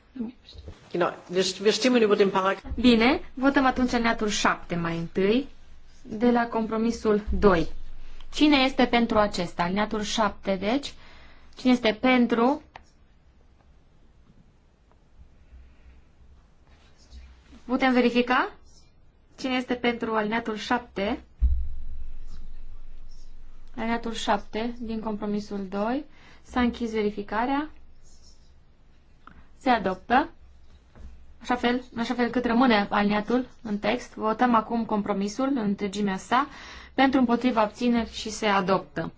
Bine, votăm atunci în neatul 7 mai întâi, de la compromisul 2. Cine este pentru acesta? Alineatul 7, deci. Cine este pentru? Putem verifica? Cine este pentru alineatul 7? Alineatul 7 din compromisul 2. S-a închis verificarea. Se adoptă. Așa fel, așa fel cât rămâne aliniatul în text, votăm acum compromisul în întregimea sa pentru împotriva abțineri și se adoptă.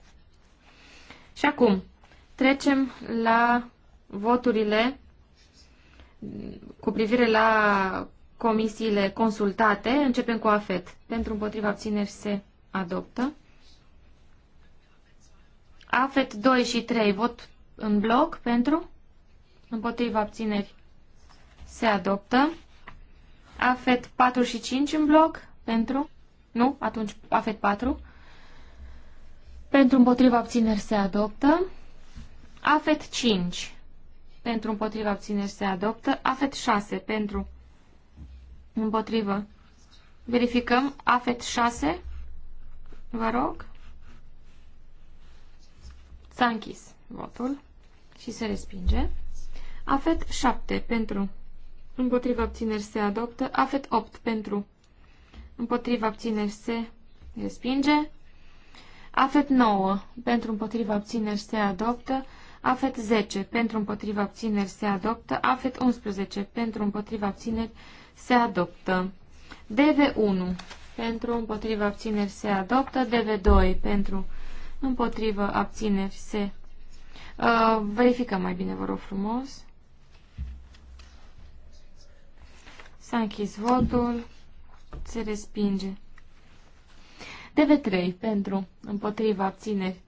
Și acum trecem la voturile cu privire la comisiile consultate. Începem cu AFET. Pentru împotriva abțineri se adoptă. AFET 2 și 3 vot în bloc pentru împotriva abțineri se adoptă. AFET 4 și 5 în bloc, pentru, nu, atunci AFET 4, pentru împotriva abțineri se adoptă. AFET 5, pentru împotriva abțineri se adoptă. AFET 6, pentru împotrivă. Verificăm AFET 6, vă rog. S-a închis votul și se respinge. AFET 7 pentru. Împotriva abțineri se adoptă. AFET 8 pentru. Împotriva abțineri se respinge. AFET 9 pentru împotriva abțineri se adoptă. AFET 10 pentru împotriva abțineri se adoptă. AFET 11 pentru împotriva abțineri se adoptă. DV1 pentru împotriva abțineri se adoptă. DV2 pentru împotriva abțineri se Uh, verificăm mai bine, vă rog frumos. S-a închis votul. Se respinge. tv 3 pentru împotriva abțineri.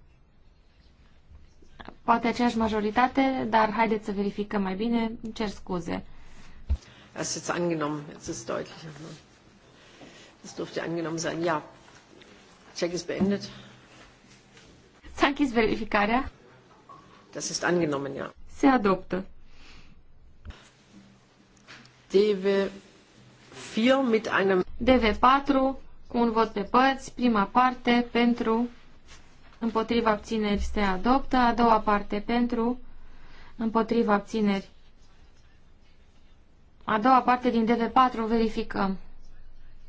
Poate aceeași majoritate, dar haideți să verificăm mai bine. cer scuze. Das ist angenommen. Jetzt ist deutlicher. Das dürfte angenommen sein. Ja. Check ist beendet. S-a închis verificarea. Das ist angenommen, ja. Se adoptă. DW DV4 cu un vot pe părți, prima parte pentru, împotriva abțineri se adoptă, a doua parte pentru, împotriva abțineri. A doua parte din DV4 verificăm.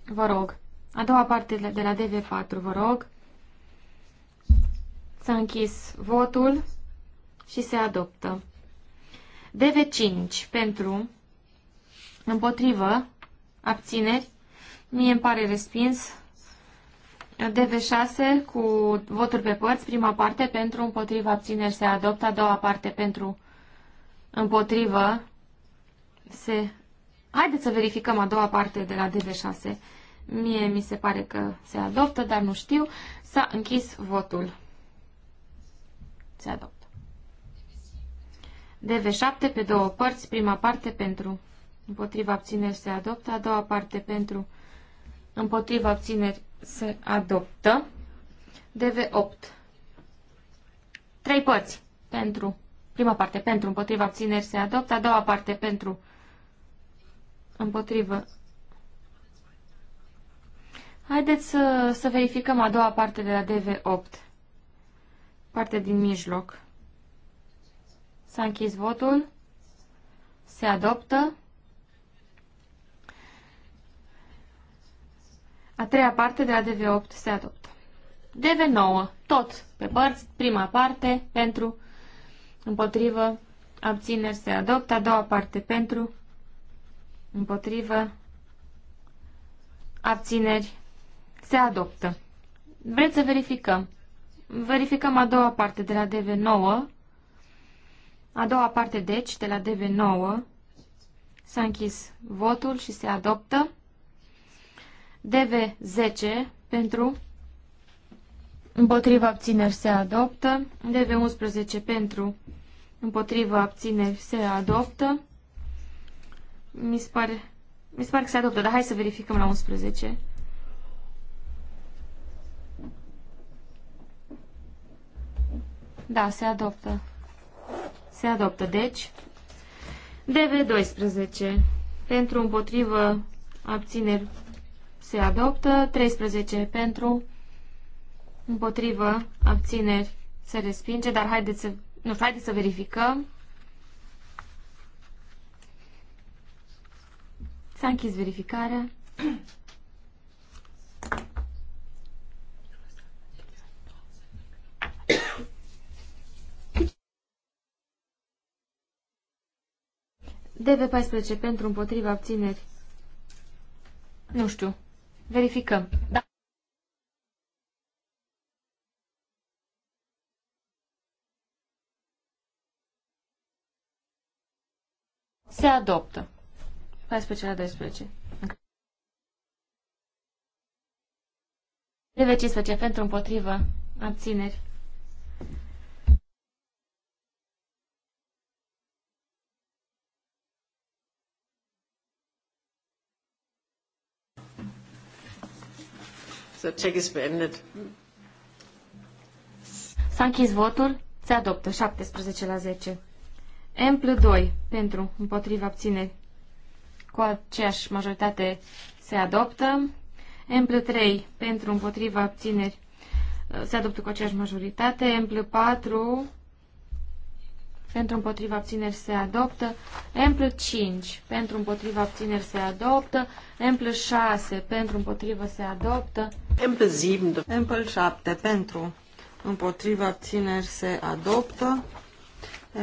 Vă rog. A doua parte de la DV4, vă rog. S-a închis votul și se adoptă. DV5 pentru, împotrivă, abțineri, mie îmi pare respins. DV6 cu voturi pe părți, prima parte pentru, împotriva, abțineri se adoptă, a doua parte pentru, împotrivă, se... Haideți să verificăm a doua parte de la DV6. Mie mi se pare că se adoptă, dar nu știu. S-a închis votul. Se adoptă. DV7 pe două părți, prima parte pentru împotriva abțineri se adoptă, a doua parte pentru, împotriva abțineri se adoptă, DV8, trei părți pentru, prima parte pentru, împotriva abțineri se adoptă, a doua parte pentru, împotrivă. Haideți să, să verificăm a doua parte de la DV8, parte din mijloc. S-a închis votul. Se adoptă. A treia parte de la DV8 se adoptă. DV9, tot pe părți, prima parte, pentru, împotrivă, abțineri se adoptă, a doua parte pentru, împotrivă, abțineri se adoptă. Vreți să verificăm? Verificăm a doua parte de la DV9. A doua parte, deci, de la DV9 s-a închis votul și se adoptă. DV10 pentru, împotriva abțineri se adoptă, DV11 pentru, împotriva abțineri se adoptă, mi se pare, mi se pare că se adoptă, dar hai să verificăm la 11. Da, se adoptă. Se adoptă, deci. DV12. Pentru împotrivă abțineri se adoptă, 13 pentru, împotrivă, abțineri, se respinge, dar haideți să, nu, haideți să verificăm. S-a închis verificarea. DV14 pentru împotriva abțineri. Nu știu. Verificăm. Da. Se adoptă. 14 la 12. DV15 pentru împotrivă. Abțineri. Der Check ist beendet. S-a închis votul. Se adoptă 17 la 10. Emplu 2 pentru împotriva abțineri. Cu aceeași majoritate se adoptă. Emplu 3 pentru împotriva abțineri. Se adoptă cu aceeași majoritate. Emplu 4 pentru împotriva abțineri se adoptă, M plus 5 pentru împotriva abțineri se adoptă, M plus 6 pentru împotriva se adoptă, M 7, M 7 pentru împotriva abțineri se adoptă,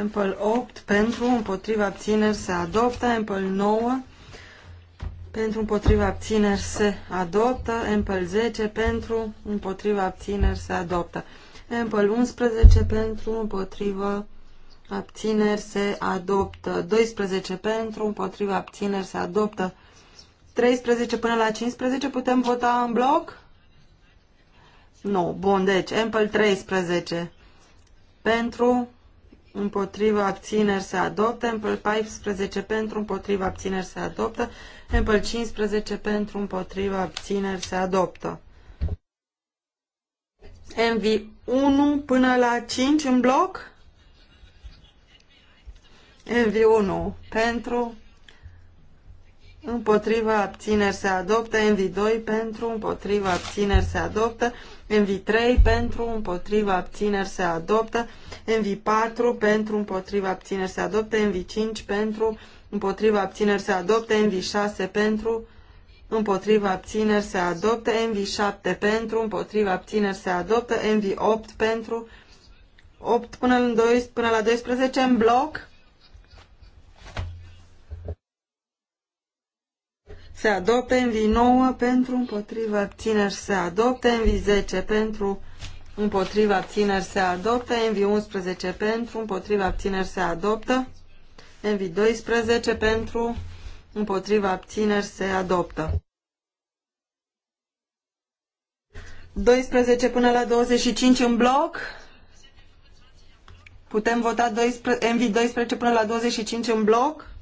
M plus 8 pentru împotriva abțineri se adoptă, M plus 9 pentru împotriva abțineri se adoptă, M plus 10 pentru împotriva abțineri se adoptă, M plus 11 pentru împotriva abțineri se adoptă. 12 pentru, împotriva abțineri se adoptă. 13 până la 15 putem vota în bloc? Nu. Bun, deci Ample 13 pentru, împotriva abțineri se adoptă, Ample 14 pentru, împotriva abțineri se adoptă, Ample 15 pentru, împotriva abțineri se adoptă. MV1 până la 5 în bloc? NV1 pentru, împotriva abțineri se adoptă, NV2 pentru, împotriva abțineri se adoptă, NV3 pentru, împotriva abțineri se adoptă, NV4 pentru, împotriva abțineri se adoptă, NV5 pentru, împotriva abțineri se adoptă, NV6 pentru, împotriva abțineri se adoptă, NV7 pentru, împotriva abțineri se adoptă, NV8 pentru, 8 până la până la 12 în bloc, se adopte în vii 9 pentru împotriva abțineri se adopte în vii 10 pentru împotriva abțineri se adopte în vii 11 pentru împotriva abțineri se adoptă, în vii 12 pentru împotriva abțineri se adoptă. 12 până la 25 în bloc. Putem vota 12, NV12 până la 25 în bloc?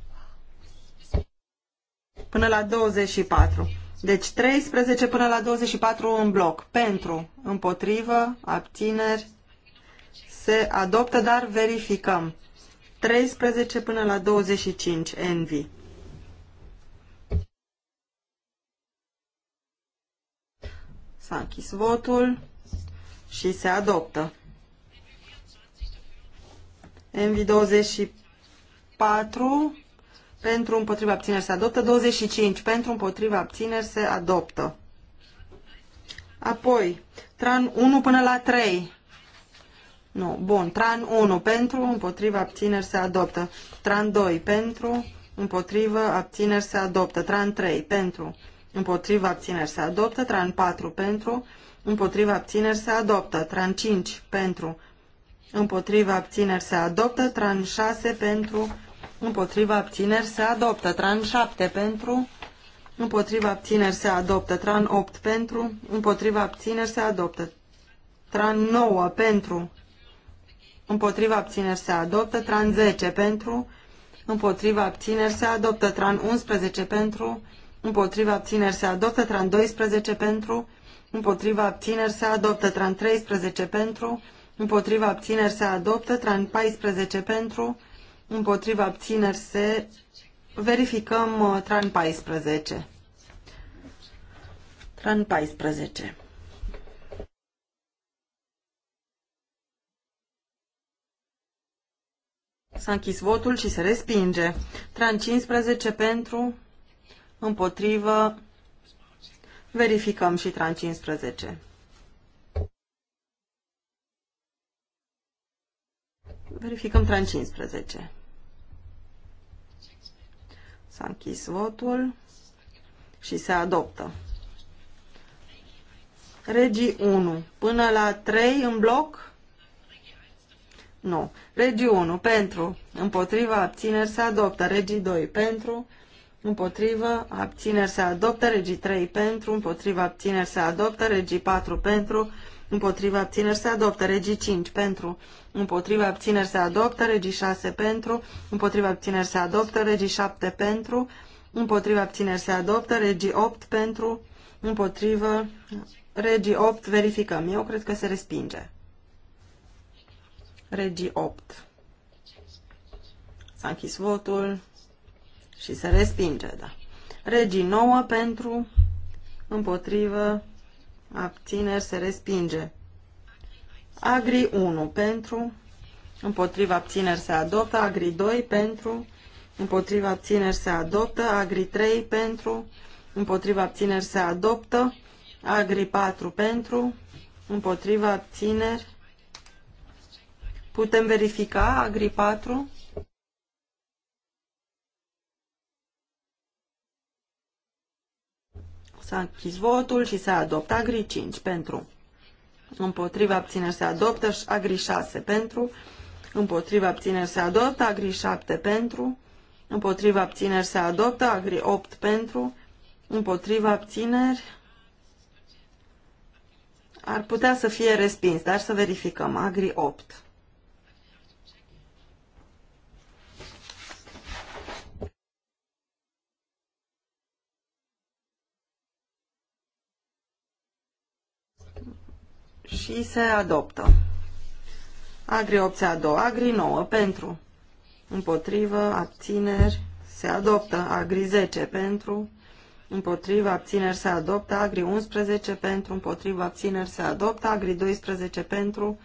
până la 24. Deci 13 până la 24 în bloc. Pentru, împotrivă, abțineri, se adoptă, dar verificăm. 13 până la 25, Envy. S-a închis votul și se adoptă. Envy 24 pentru împotriva abțineri se adoptă, 25 pentru împotriva abțineri se adoptă. Apoi, tran 1 până la 3. Nu, bun, tran 1 pentru împotriva abțineri se adoptă, tran 2 pentru împotriva abțineri se adoptă, tran 3 pentru împotriva abțineri se adoptă, tran 4 pentru împotriva abțineri se adoptă, tran 5 pentru împotriva abțineri se adoptă, tran 6 pentru împotriva abțineri se adoptă. Tran 7 pentru, împotriva abțineri se adoptă. Tran 8 pentru, împotriva abțineri se adoptă. Tran 9 pentru, împotriva abțineri se adoptă. Tran 10 pentru, împotriva abțineri se adoptă. Tran 11 pentru, împotriva abțineri se adoptă. Tran 12 pentru, împotriva abțineri se adoptă. Tran 13 pentru, împotriva abțineri se adoptă. Tran 14 pentru, împotriva abțineri se verificăm uh, tran 14. Tran 14. S-a închis votul și se respinge. Tran 15 pentru, împotrivă, verificăm și tran 15. Verificăm tran 15. S-a închis votul și se adoptă. Regii 1 până la 3 în bloc? Nu. Regii 1 pentru, împotriva, abțineri se adoptă. Regii 2 pentru, împotrivă, abțineri se adoptă. Regii 3 pentru, împotriva, abțineri se adoptă. Regii 4 pentru, împotriva, abțineri se adoptă. Regii 5 pentru, împotriva abțineri se adoptă, regi 6 pentru, împotriva abțineri se adoptă, regi 7 pentru, împotriva abțineri se adoptă, regi 8 pentru, împotrivă, regi 8 verificăm. Eu cred că se respinge. Regi 8. S-a închis votul și se respinge, da. Regi 9 pentru, împotrivă, abțineri se respinge. Agri 1 pentru, împotriva abțineri se adoptă, Agri 2 pentru, împotriva abțineri se adoptă, Agri 3 pentru, împotriva abțineri se adoptă, Agri 4 pentru, împotriva abțineri. Putem verifica Agri 4? S-a închis votul și s-a adoptat Agri 5 pentru împotriva abțineri se adoptă, agri 6 pentru, împotriva abțineri se adoptă, agri 7 pentru, împotriva abțineri se adoptă, agri 8 pentru, împotriva abțineri ar putea să fie respins, dar să verificăm, agri 8. și se adoptă. Agri 8 se adoptă. Agri 9 pentru. Împotrivă, abțineri, se adoptă. Agri 10 pentru. Împotrivă, abțineri, se adoptă. Agri 11 pentru. Împotrivă, abțineri, se adoptă. Agri 12 pentru.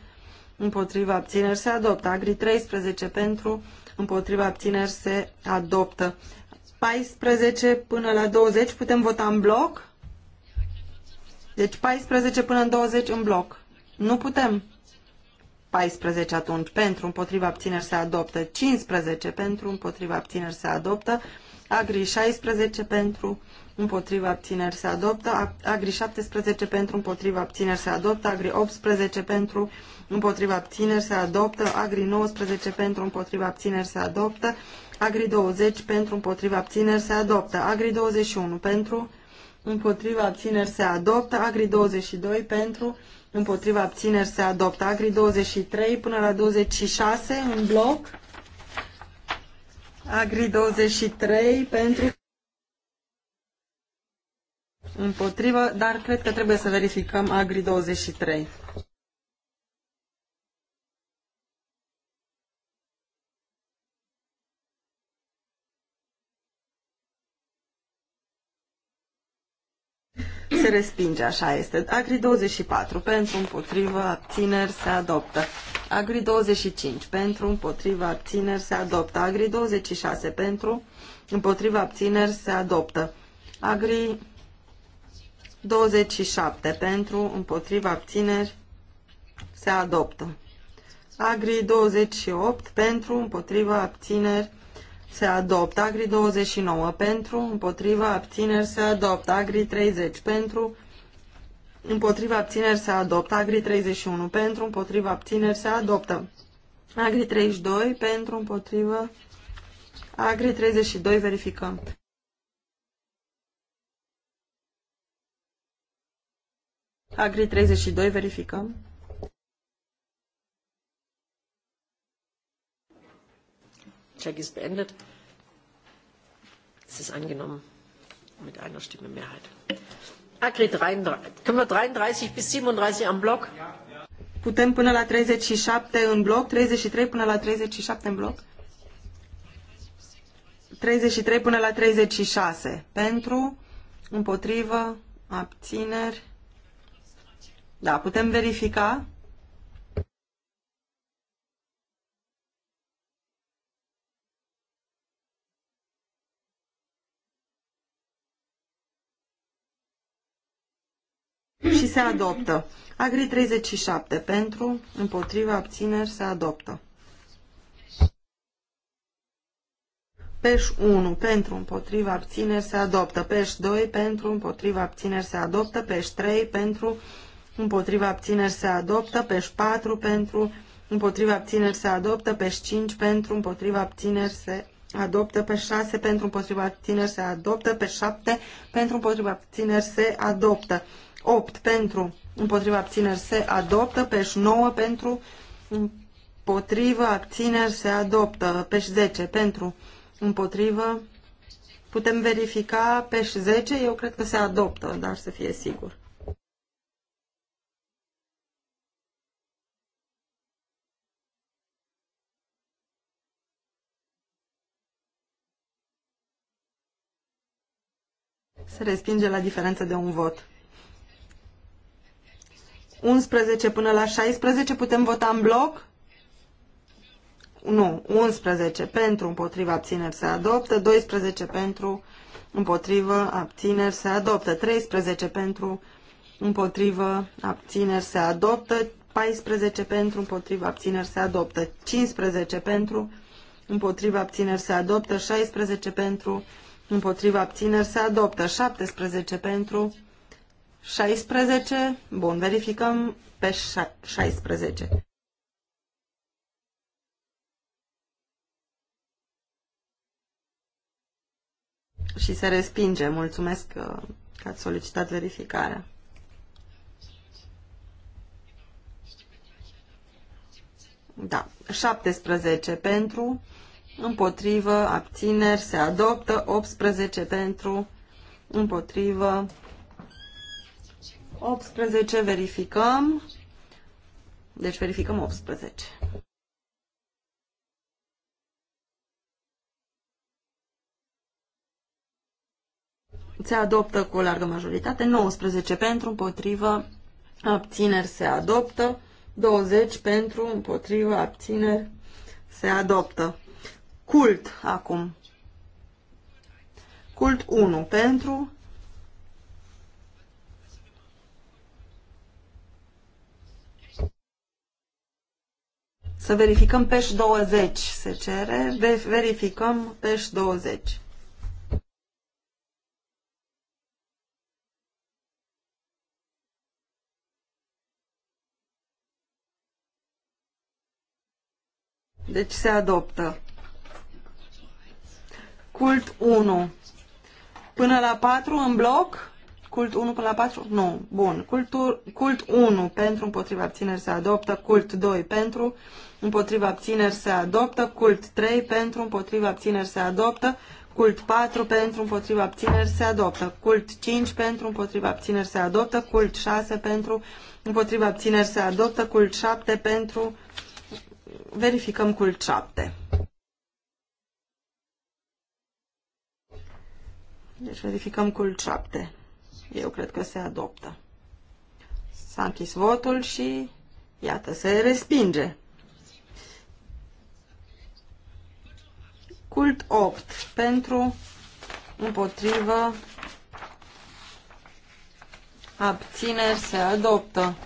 Împotrivă, abțineri, se adoptă. Agri 13 pentru. Împotrivă, abțineri, se adoptă. 14 până la 20 putem vota în bloc? Deci 14 până în 20 în bloc. Nu putem. 14 atunci pentru, împotriva abțineri se adoptă. 15 pentru, împotriva abțineri se adoptă. Agri 16 pentru, împotriva abțineri se adoptă. Agri 17 pentru, împotriva abțineri se adoptă. Agri 18 pentru, împotriva abțineri se adoptă. Agri 19 pentru, împotriva abțineri se adoptă. Agri 20 pentru, împotriva abțineri se adoptă. Agri 21 pentru, împotriva abțineri se adoptă. Agri 22 pentru, împotriva abțineri se adoptă. Agri 23 până la 26 în bloc. Agri 23 pentru împotrivă, dar cred că trebuie să verificăm Agri 23. Se respinge, așa este. Agri 24, pentru împotrivă, abțineri, se adoptă. Agri 25, pentru împotrivă, abțineri, se adoptă. Agri 26, pentru împotrivă, abțineri, se adoptă. Agri 27, pentru împotrivă, abțineri, se adoptă. Agri 28, pentru împotrivă, abțineri, se adoptă se adoptă. Agri 29 pentru, împotriva abțineri se adoptă. Agri 30 pentru, împotriva abțineri se adoptă. Agri 31 pentru, împotriva abțineri se adoptă. Agri 32 pentru, împotriva Agri 32 verificăm. Agri 32 verificăm. Check ist beendet. Es ist angenommen mit einer Stimme Mehrheit. Agri 33. Können wir 33 bis 37 am Block? Putem până la 37 în bloc, 33 până la 37 în bloc. 33 până la 36. Pentru, împotrivă, abțineri. Da, putem verifica. și se adoptă. Agri 37 pentru, împotriva, abțineri, se adoptă. Peș 1 pentru, împotriva, abțineri, se adoptă. Peș 2 pentru, împotriva, abțineri, se adoptă. Peș 3 pentru, împotriva, abțineri, se adoptă. Peș 4 pentru, împotriva, abțineri, se adoptă. Peș 5 pentru, împotriva, abțineri, se adoptă. Peș 6 pentru, împotriva, abțineri, se adoptă. Peș 7 pentru, împotriva, abțineri, se adoptă. 8 pentru, împotriva abțineri se adoptă, peș 9 pentru, împotriva abțineri se adoptă, peș 10 pentru, împotrivă, putem verifica peș 10, eu cred că se adoptă, dar să fie sigur. se respinge la diferență de un vot. 11 până la 16 putem vota în bloc? Nu, 11 pentru împotriva abțineri se adoptă, 12 pentru împotrivă abțineri se adoptă, 13 pentru împotrivă abțineri se adoptă, 14 pentru împotriva abțineri se adoptă, 15 pentru împotriva abțineri se adoptă, 16 pentru împotriva abțineri se adoptă, 17 pentru 16. Bun, verificăm pe 16. Și se respinge. Mulțumesc că, uh, că ați solicitat verificarea. Da, 17 pentru, împotrivă, abțineri, se adoptă, 18 pentru, împotrivă, 18 verificăm. Deci verificăm 18. Se adoptă cu o largă majoritate, 19 pentru, împotrivă, abțineri se adoptă, 20 pentru, împotrivă, abțineri se adoptă. Cult acum. Cult 1 pentru, Să verificăm peș 20, se cere. Verificăm peș 20. Deci se adoptă. Cult 1. Până la 4 în bloc? Cult 1 până la 4? Nu. Bun. Cultur, cult 1 pentru împotriva abțineri se adoptă, cult 2 pentru împotriva abțineri se adoptă, cult 3 pentru împotriva abțineri se adoptă, cult 4 pentru împotriva abțineri se adoptă, cult 5 pentru împotriva abțineri se adoptă, cult 6 pentru împotriva abțineri se adoptă, cult 7 pentru verificăm cult 7. Deci verificăm cult 7. Eu cred că se adoptă. S-a închis votul și iată, se respinge. Cult 8 pentru împotrivă abțineri se adoptă.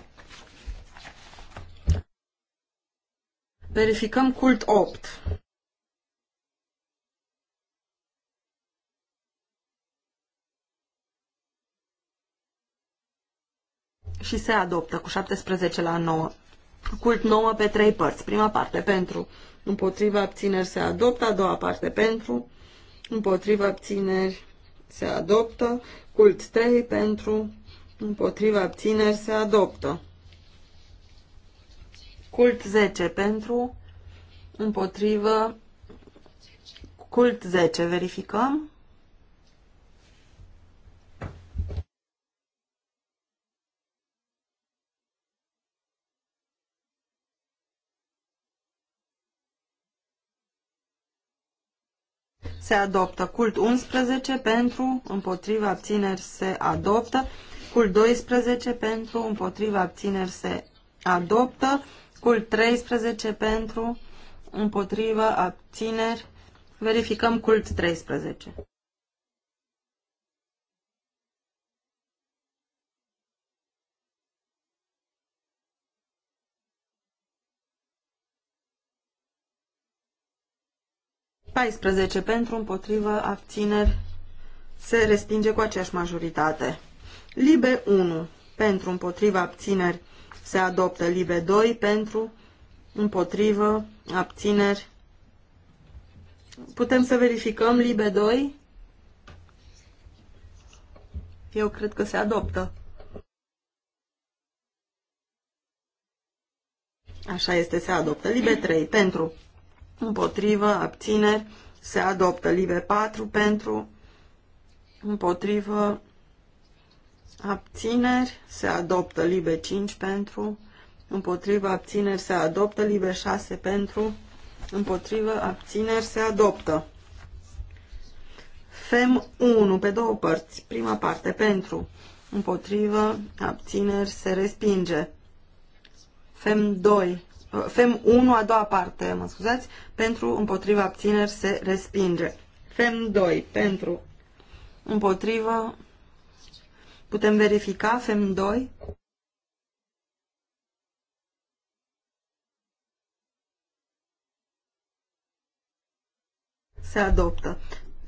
Verificăm cult 8. și se adoptă cu 17 la 9. Cult 9 pe 3 părți. Prima parte pentru, împotriva abțineri se adoptă, a doua parte pentru, împotriva abțineri se adoptă, cult 3 pentru, împotriva abțineri se adoptă. Cult 10 pentru, împotrivă, cult 10, verificăm. se adoptă. Cult 11 pentru, împotriva abțineri se adoptă. Cult 12 pentru, împotriva abțineri se adoptă. Cult 13 pentru, împotriva abțineri. Verificăm cult 13. 14 pentru, împotrivă, abțineri, se respinge cu aceeași majoritate. Libe 1 pentru, împotrivă, abțineri, se adoptă. Libe 2 pentru, împotrivă, abțineri. Putem să verificăm Libe 2? Eu cred că se adoptă. Așa este, se adoptă. Libe 3 pentru, împotrivă, abțineri, se adoptă live 4 pentru, împotrivă, abțineri, se adoptă live 5 pentru, împotrivă, abțineri, se adoptă live 6 pentru, împotrivă, abțineri, se adoptă. FEM 1 pe două părți, prima parte pentru, împotrivă, abțineri, se respinge. FEM 2 FEM 1, a doua parte, mă scuzați, pentru împotriva abțineri se respinge. FEM 2, pentru împotrivă, putem verifica, FEM 2. Se adoptă.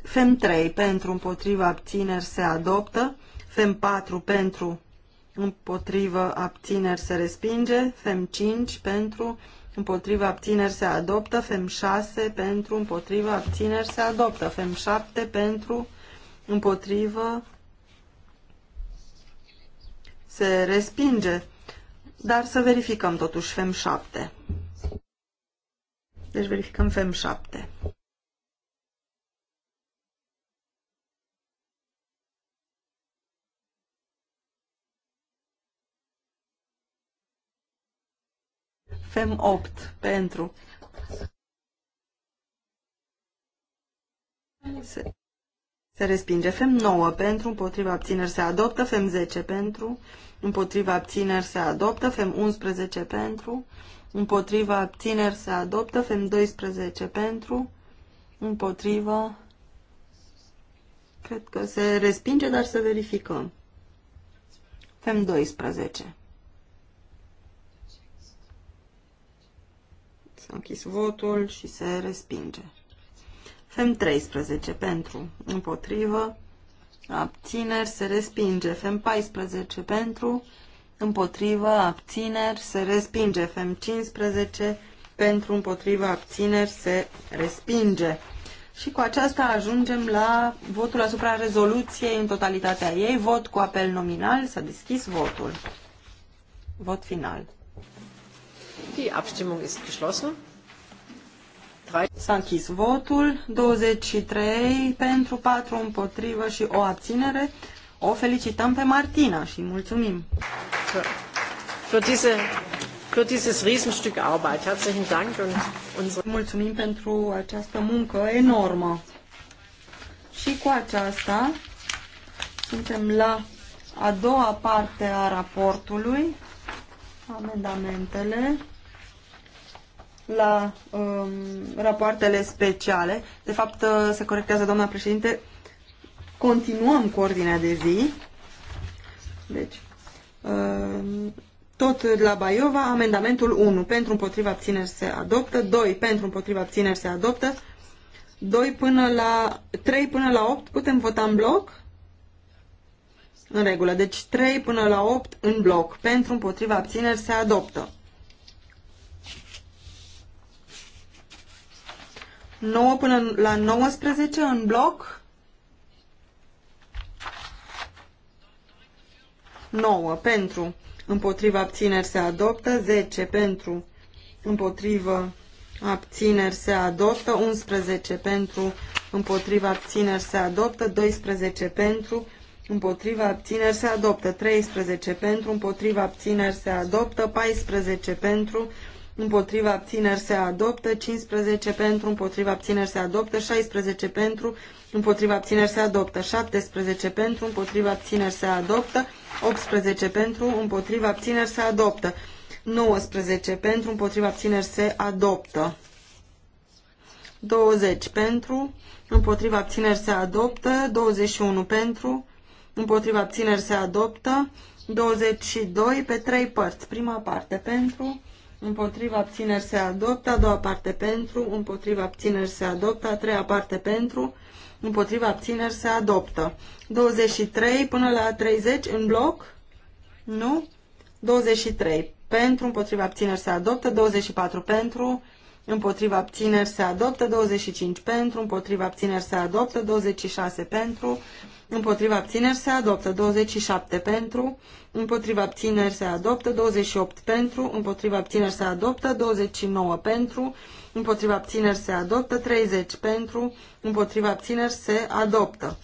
FEM 3, pentru împotriva abțineri se adoptă. FEM 4, pentru împotrivă abțineri se respinge, FEM 5 pentru, împotrivă abțineri se adoptă, FEM 6 pentru, împotrivă abțineri se adoptă, FEM 7 pentru, împotrivă se respinge, dar să verificăm totuși FEM 7. Deci verificăm FEM 7. FEM 8 pentru. Se, se respinge. FEM 9 pentru, împotriva abțineri se adoptă. FEM 10 pentru, împotriva abțineri se adoptă. FEM 11 pentru, împotriva abțineri se adoptă. FEM 12 pentru, împotriva... Cred că se respinge, dar să verificăm. FEM 12. închis votul și se respinge. FEM 13 pentru, împotrivă, abțineri, se respinge. FEM 14 pentru, împotrivă, abțineri, se respinge. FEM 15 pentru, împotrivă, abțineri, se respinge. Și cu aceasta ajungem la votul asupra rezoluției în totalitatea ei. Vot cu apel nominal. S-a deschis votul. Vot final. Die Abstimmung ist geschlossen. S-a închis votul, 23 pentru, 4 împotrivă și o abținere. O felicităm pe Martina și mulțumim. Für diese, für dieses Riesenstück Arbeit. Herzlichen Dank und unsere... Mulțumim pentru această muncă enormă. Și cu aceasta suntem la a doua parte a raportului amendamentele la um, rapoartele speciale. De fapt, uh, se corectează, doamna președinte, continuăm cu ordinea de zi. Deci, um, tot la Baiova, amendamentul 1 pentru împotriva abțineri se adoptă, 2 pentru împotriva abțineri se adoptă, 2 până la 3 până la 8 putem vota în bloc? În regulă. Deci 3 până la 8 în bloc. Pentru împotriva abțineri se adoptă. 9 până la 19 în bloc. 9 pentru împotriva abțineri se adoptă. 10 pentru împotriva abțineri se adoptă. 11 pentru împotriva abțineri se adoptă. 12 pentru împotriva abțineri se adoptă, 13 pentru, împotriva abțineri se adoptă, 14 pentru, împotriva abțineri se adoptă, 15 pentru, împotriva abțineri se adoptă, 16 pentru, împotriva abțineri se adoptă, 17 pentru, împotriva abțineri se adoptă, 18 pentru, împotriva abțineri se adoptă, 19 pentru, împotriva abțineri se adoptă. 20 pentru, împotriva abțineri se adoptă, 21 pentru, împotriva abțineri se adoptă. 22 pe trei părți. Prima parte pentru, împotriva abțineri se adoptă, a doua parte pentru, împotriva abțineri se adoptă, a treia parte pentru, împotriva abțineri se adoptă. 23 până la 30 în bloc, nu? 23 pentru, împotriva abțineri se adoptă, 24 pentru, împotriva abțineri se adoptă, 25 pentru, împotriva abțineri se adoptă, 26 pentru, împotriva abțineri se adoptă, 27 pentru, împotriva abțineri se adoptă, 28 pentru, împotriva abțineri se adoptă, 29 pentru, împotriva abțineri se adoptă, 30 pentru, împotriva abțineri se adoptă.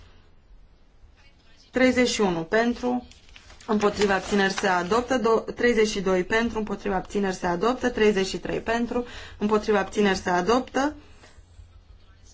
31 pentru, împotriva abțineri se adoptă, 32 pentru, împotriva abțineri se adoptă, 33 pentru, împotriva abțineri se adoptă,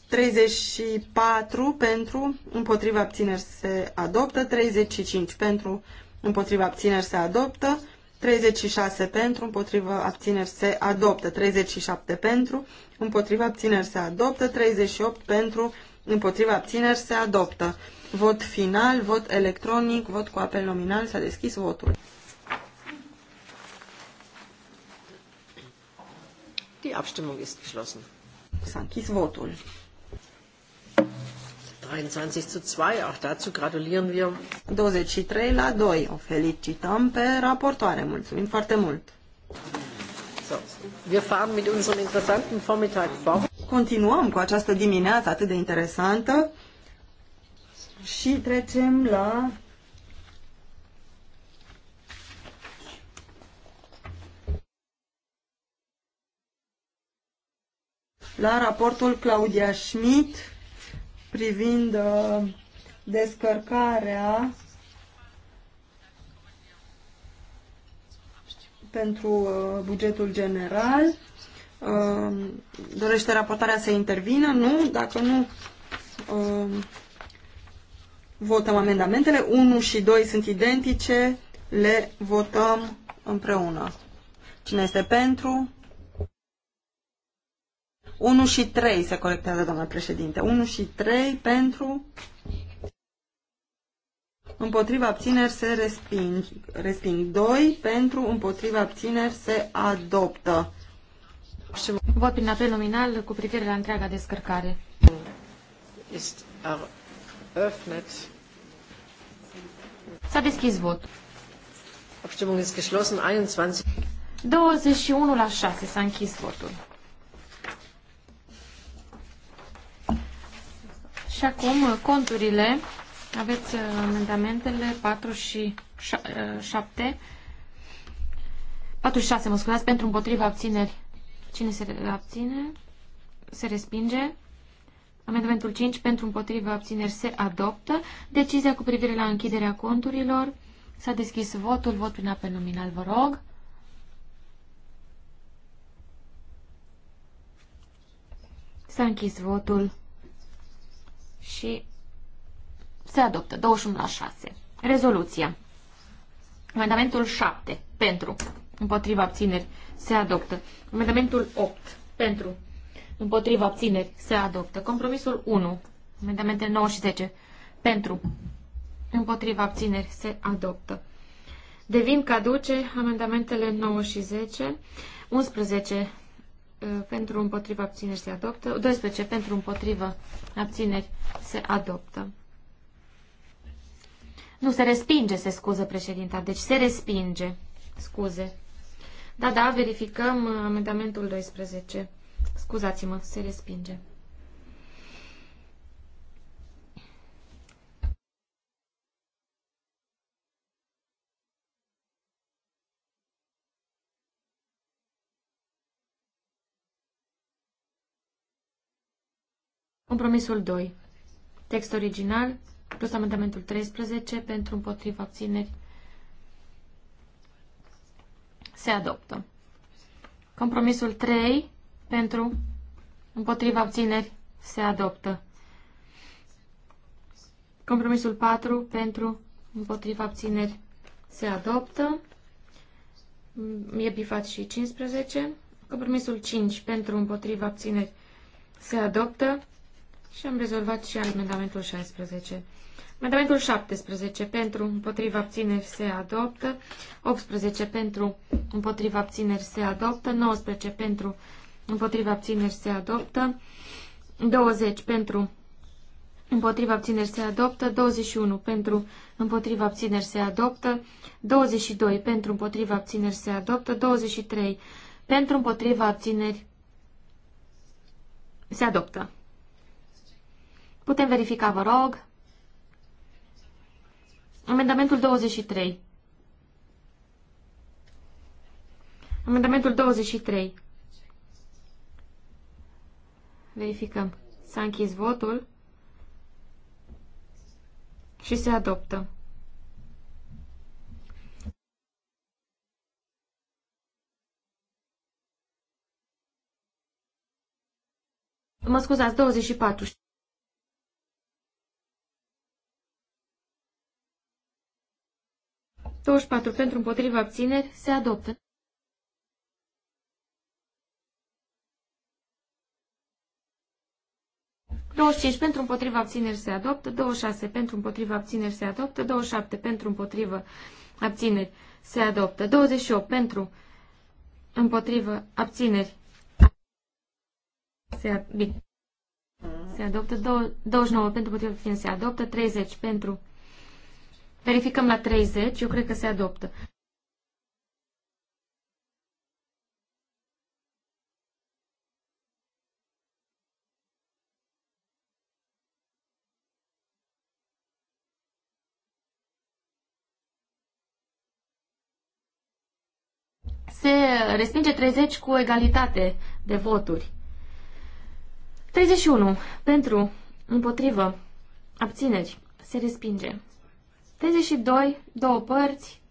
34 pentru, împotriva abțineri se adoptă, 35 pentru, împotriva abțineri se adoptă, 36 pentru, împotriva abțineri se adoptă, 37 pentru, împotriva abțineri se adoptă, 38 pentru, împotriva abțineri se adoptă. Vot final, vot electronic, vot cu apel nominal, s-a deschis votul. Die Abstimmung ist geschlossen. S-a închis votul. 23 zu 2, auch dazu gratulieren wir. 23 la 2, o felicităm pe raportoare, mulțumim foarte mult. So, wir fahren mit unserem interessanten Vormittag fort. Continuăm cu această dimineață atât de interesantă și trecem la la raportul Claudia Schmidt privind uh, descărcarea pentru uh, bugetul general. Uh, dorește raportarea să intervină? Nu? Dacă nu, uh, votăm amendamentele. 1 și 2 sunt identice, le votăm împreună. Cine este pentru? 1 și 3 se corectează, domnule președinte. 1 și 3 pentru... Împotriva abțineri se resping. Resping 2 pentru împotriva abțineri se adoptă. Vot prin apel nominal cu privire la întreaga descărcare. S-a deschis vot. 21 la 6 s-a închis votul. Și acum uh, conturile. Aveți uh, amendamentele 4 și 7. 4 uh, și 6, mă scuzați, pentru împotriva abțineri. Cine se abține? Se respinge. Amendamentul 5 pentru împotriva abțineri se adoptă. Decizia cu privire la închiderea conturilor. S-a deschis votul. Vot prin apel nominal, vă rog. S-a închis votul și se adoptă. 21 la 6. Rezoluția. Amendamentul 7. Pentru. Împotriva abțineri. Se adoptă. Amendamentul 8. Pentru. Împotriva abțineri. Se adoptă. Compromisul 1. Amendamentele 9 și 10. Pentru. Împotriva abțineri. Se adoptă. Devin caduce amendamentele 9 și 10. 11 pentru împotriva abțineri se adoptă. 12 pentru împotriva abțineri se adoptă. Nu, se respinge, se scuză președinta. Deci se respinge. Scuze. Da, da, verificăm amendamentul 12. Scuzați-mă, se respinge. Compromisul 2. Text original plus amendamentul 13 pentru împotriva abțineri se adoptă. Compromisul 3 pentru împotriva abțineri se adoptă. Compromisul 4 pentru împotriva abțineri se adoptă. E bifat și 15. Compromisul 5 pentru împotriva abțineri se adoptă. Și am rezolvat și amendamentul 16. Amendamentul 17 pentru împotriva abțineri se adoptă, 18 pentru împotriva abțineri se adoptă, 19 pentru împotriva abțineri se adoptă, 20 pentru împotriva abțineri se adoptă, 21 pentru împotriva abțineri se adoptă, 22 pentru împotriva abțineri se adoptă, 23 pentru împotriva abțineri se adoptă. Putem verifica, vă rog. Amendamentul 23. Amendamentul 23. Verificăm. S-a închis votul și se adoptă. Mă scuzați, 24. 24 pentru împotriva abțineri se adoptă. cinci pentru împotriva abțineri se adoptă, 26 pentru împotriva abțineri se adoptă, 27 pentru împotriva abțineri se adoptă, 28 pentru împotriva abțineri se, ad... se adoptă, 29 pentru împotriva abțineri se adoptă, 30 pentru Verificăm la 30, eu cred că se adoptă. Se respinge 30 cu egalitate de voturi. 31. Pentru, împotrivă, abțineri, se respinge. 32, două părți.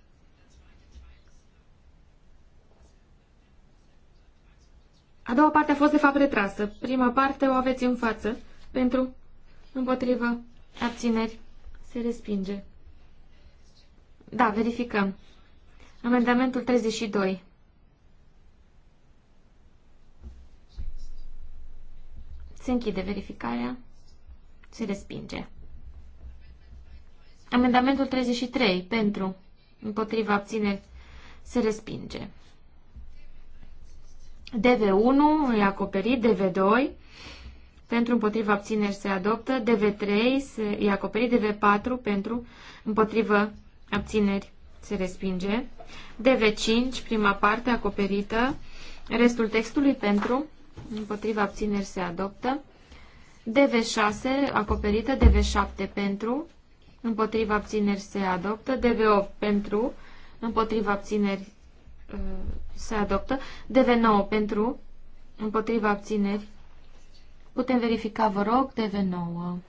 A doua parte a fost de fapt retrasă. Prima parte o aveți în față. Pentru, împotrivă, abțineri, se respinge. Da, verificăm. Amendamentul 32. Se închide verificarea. Se respinge. Amendamentul 33 pentru, împotriva abțineri, se respinge. DV1 e acoperit, DV2 pentru împotriva abțineri se adoptă, DV3 e acoperit, DV4 pentru împotriva abțineri se respinge, DV5 prima parte acoperită, restul textului pentru împotriva abțineri se adoptă, DV6 acoperită, DV7 pentru împotriva abțineri se adoptă, DV8 pentru, împotriva abțineri uh, se adoptă, DV9 pentru, împotriva abțineri. Putem verifica, vă rog, DV9.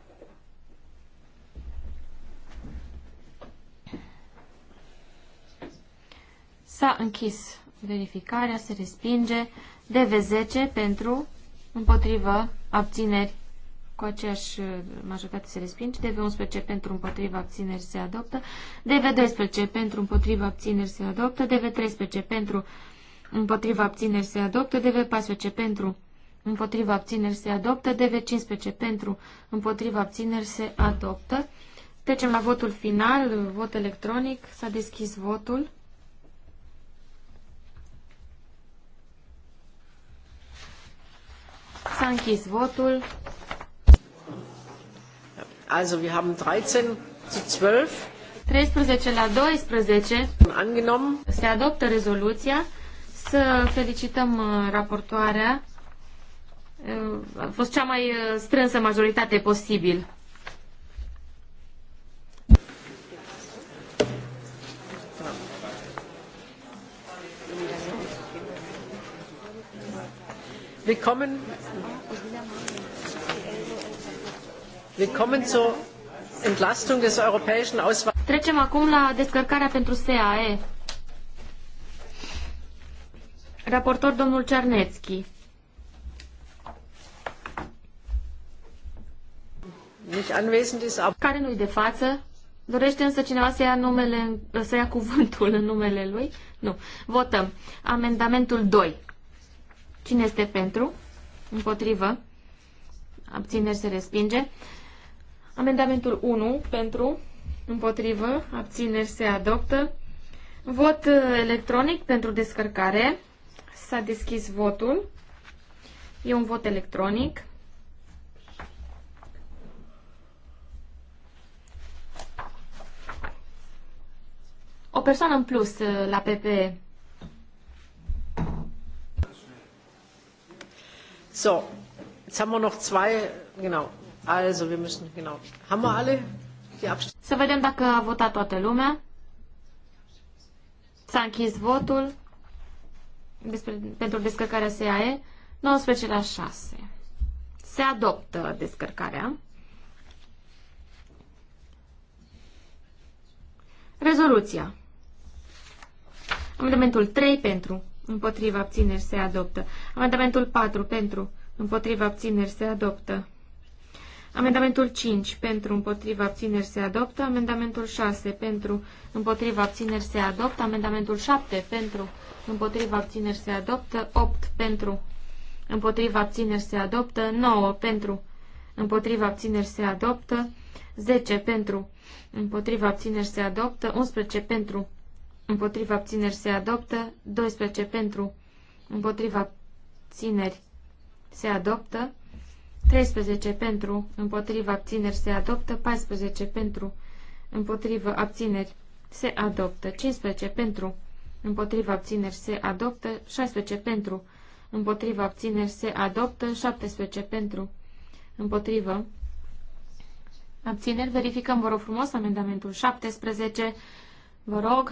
S-a închis verificarea, se respinge. DV10 pentru, împotrivă, abțineri, cu aceeași uh, majoritate se respinge, DV11 pentru împotriva abțineri se adoptă, DV12 pentru împotriva abțineri se adoptă, DV13 pentru împotriva abțineri se adoptă, DV14 pentru împotriva abțineri se adoptă, DV15 pentru împotriva abțineri se adoptă. Trecem la votul final, vot electronic, s-a deschis votul. S-a închis votul. Also wir haben 13 zu 12. 13 la 12 angenommen. se adoptă rezoluția. Să felicităm uh, raportoarea. Uh, a fost cea mai uh, strânsă majoritate posibil. Willkommen Trecem acum la descărcarea pentru SEAE. Raportor domnul Cernețchi. Care nu-i de față? Dorește însă cineva să ia, numele, să ia cuvântul în numele lui? Nu. Votăm. Amendamentul 2. Cine este pentru? Împotrivă? Abțineri se respinge. Amendamentul 1 pentru, împotrivă, abțineri se adoptă. Vot uh, electronic pentru descărcare. S-a deschis votul. E un vot electronic. O persoană în plus uh, la PPE. So, jetzt haben wir noch zwei, genau, Also, wir müssen, genau. Haben wir alle die Să vedem dacă a votat toată lumea. S-a închis votul despre, pentru descărcarea SAE 19 la 6. Se adoptă descărcarea. Rezoluția. Amendamentul 3 pentru, împotriva abțineri se adoptă. Amendamentul 4 pentru, împotriva abțineri se adoptă. Amendamentul 5 pentru împotriva abțineri se adoptă. Amendamentul 6 pentru împotriva abțineri se adoptă. Amendamentul 7 pentru împotriva abțineri se adoptă. 8 pentru împotriva abțineri se adoptă. 9 pentru împotriva abțineri se adoptă. 10 pentru împotriva abțineri se adoptă. 11 pentru împotriva abțineri se adoptă. 12 pentru împotriva abțineri se adoptă. 13 pentru, împotriva abțineri se adoptă, 14 pentru, împotriva abțineri se adoptă, 15 pentru, împotriva abțineri se adoptă, 16 pentru, împotriva abțineri se adoptă, 17 pentru, împotrivă. Abțineri, verificăm, vă rog frumos, amendamentul 17, vă rog,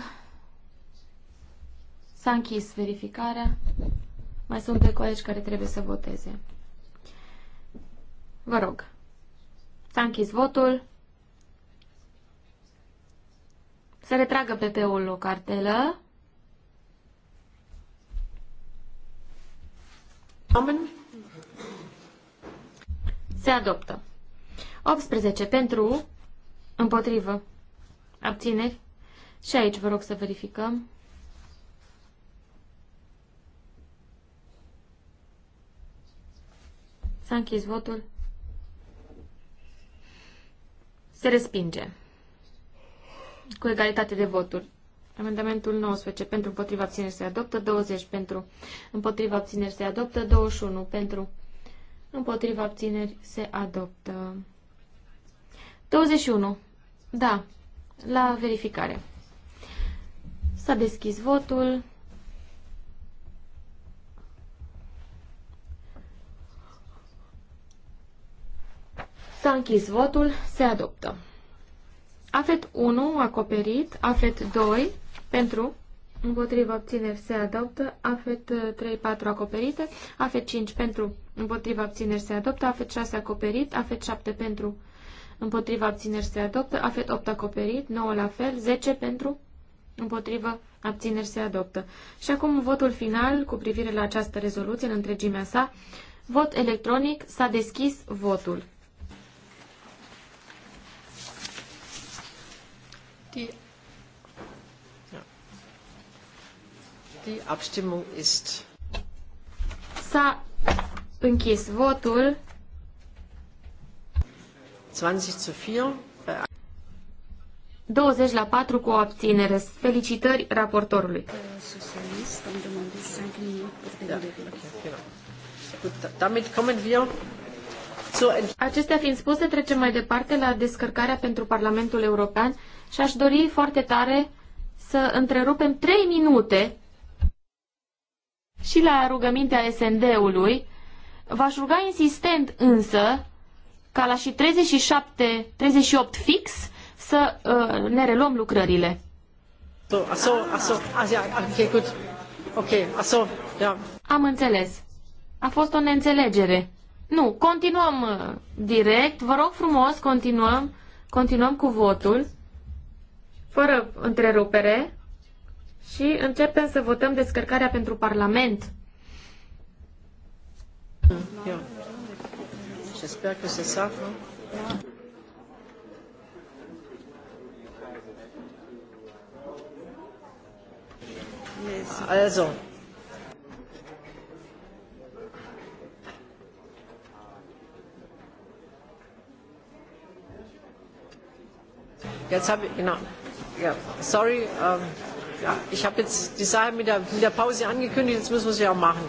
s-a închis verificarea, mai sunt pe colegi care trebuie să voteze. Vă rog. S-a închis votul. Să retragă PP-ul o cartelă. Amen. Se adoptă. 18 pentru, împotrivă, abțineri. Și aici vă rog să verificăm. S-a închis votul. Se respinge. Cu egalitate de voturi. Amendamentul 19 pentru împotriva abțineri se adoptă, 20 pentru împotriva abțineri se adoptă, 21 pentru împotriva abțineri se adoptă. 21. Da, la verificare. S-a deschis votul. S-a închis votul, se adoptă. Afet 1 acoperit, afet 2 pentru, împotriva abțineri se adoptă, afet 3-4 uh, acoperite, afet 5 pentru, împotriva abțineri se adoptă, afet 6 acoperit, afet 7 pentru, împotriva abțineri se adoptă, afet 8 acoperit, 9 la fel, 10 pentru, împotriva abțineri se adoptă. Și acum votul final cu privire la această rezoluție în întregimea sa. Vot electronic, s-a deschis votul. Die, ja. Die Abstimmung ist. S-a închis votul. 20 zu 4. 20 la 4 cu o abținere. Felicitări raportorului. Socialist, am demandat 5 minute. Da, Gut, da- damit kommen wir Acestea fiind spuse, trecem mai departe la descărcarea pentru Parlamentul European și aș dori foarte tare să întrerupem trei minute și la rugămintea SND-ului. V-aș ruga insistent însă ca la și 37-38 fix să uh, ne reluăm lucrările. So, so, so, azi, ah, okay, good. Okay, so, yeah. Am înțeles. A fost o neînțelegere. Nu, continuăm uh, direct. Vă rog frumos, continuăm. Continuăm cu votul, fără întrerupere, și începem să votăm descărcarea pentru Parlament. Eu. Și sper că se safă. Also, Jetzt habe ich, genau. Ja, sorry, ähm, ja, ich habe jetzt die Sache mit der, mit der Pause angekündigt, jetzt müssen wir sie auch machen.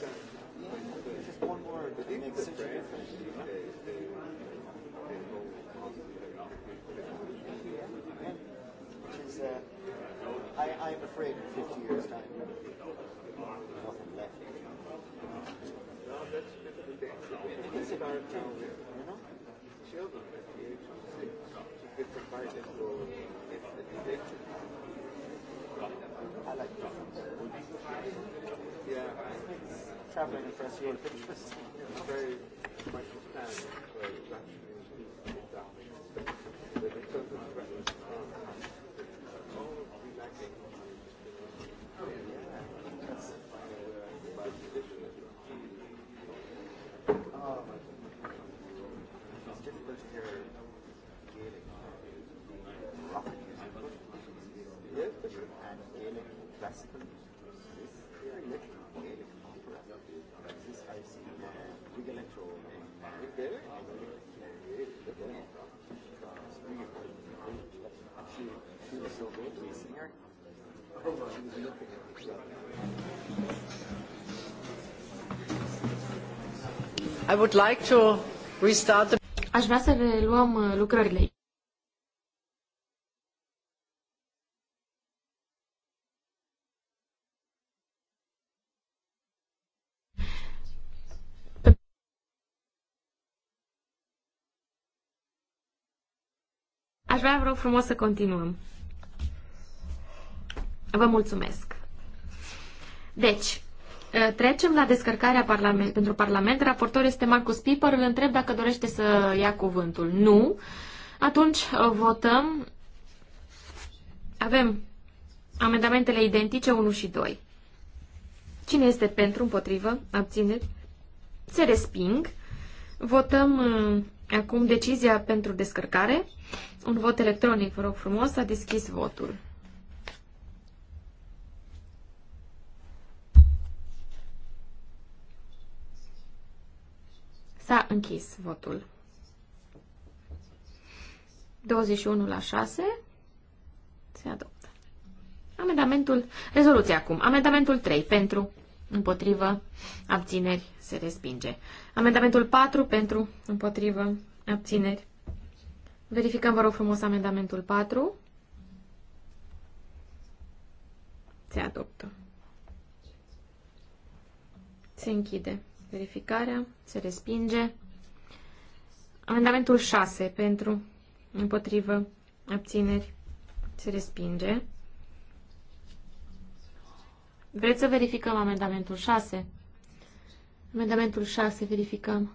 Just one more. It makes such a difference. Which is, uh, I, I'm afraid in 50 years' time, nothing left. No, that's a you know? Children at the age of six should get provided for education. I like different. Yeah traveling across Europe. Interesting. Very much I would like to restart the... Aș vrea să reluăm uh, lucrările. Aș vrea, rog frumos să continuăm. Vă mulțumesc. Deci, Eh, trecem la descărcarea parlament, pentru Parlament. Raportor este Marcus Piper. Îl întreb dacă dorește să ia cuvântul. Nu. Atunci eh, votăm. Avem amendamentele identice 1 și 2. Cine este pentru, împotrivă, abțineri? Se resping. Votăm eh, acum decizia pentru descărcare. Un vot electronic, vă rog frumos, a deschis votul. S-a închis votul. 21 la 6 se adoptă. Amendamentul, Rezoluția acum. Amendamentul 3 pentru, împotrivă, abțineri, se respinge. Amendamentul 4 pentru, împotrivă, abțineri. Verificăm, vă rog frumos, amendamentul 4. Se adoptă. Se închide. Verificarea. Se respinge. Amendamentul 6 pentru împotrivă abțineri. Se respinge. Vreți să verificăm amendamentul 6? Amendamentul 6 verificăm.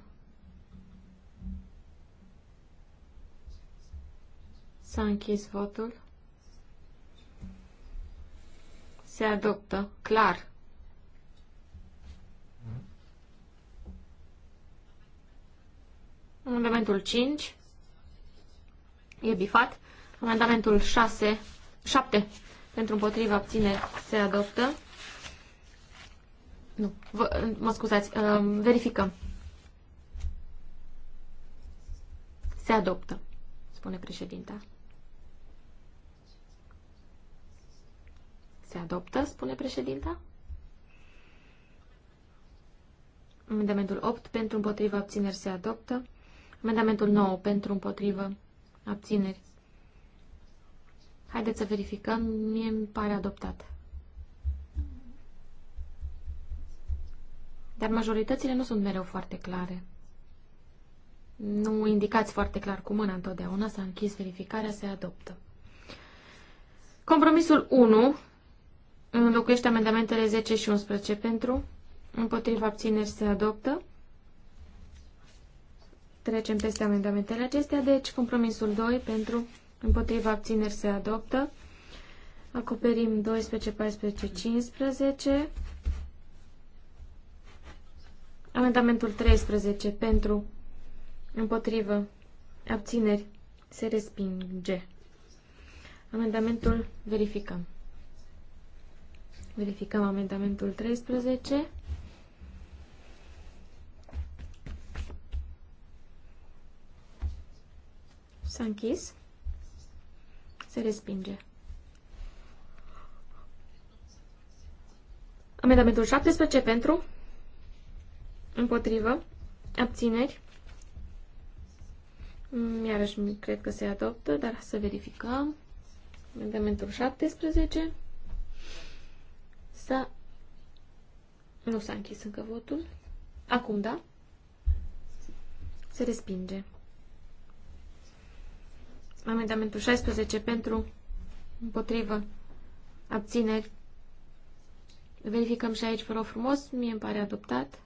S-a închis votul. Se adoptă. Clar. Amendamentul 5 e bifat. Amendamentul 6, 7 pentru împotrivă abține se adoptă. Nu, vă, mă scuzați, um, verificăm. Se adoptă, spune președinta. Se adoptă, spune președinta. Amendamentul 8 pentru împotriva abțineri se adoptă. Amendamentul 9 pentru împotrivă abțineri. Haideți să verificăm. Mie îmi pare adoptat. Dar majoritățile nu sunt mereu foarte clare. Nu indicați foarte clar cu mâna întotdeauna, s-a închis verificarea, se adoptă. Compromisul 1 înlocuiește amendamentele 10 și 11 pentru, împotriva abțineri se adoptă, trecem peste amendamentele acestea. Deci, compromisul 2 pentru împotriva abțineri se adoptă. Acoperim 12, 14, 15. Amendamentul 13 pentru împotrivă abțineri se respinge. Amendamentul verificăm. Verificăm amendamentul 13. S-a închis. Se respinge. Amendamentul 17 pentru. Împotrivă. Abțineri. Mm, iarăși cred că se adoptă, dar să verificăm. Amendamentul 17. S-a... Nu s-a închis încă votul. Acum, da? Se respinge. Amendamentul 16 pentru, împotrivă, abțineri. Verificăm și aici, vă rog frumos, mie îmi pare adoptat.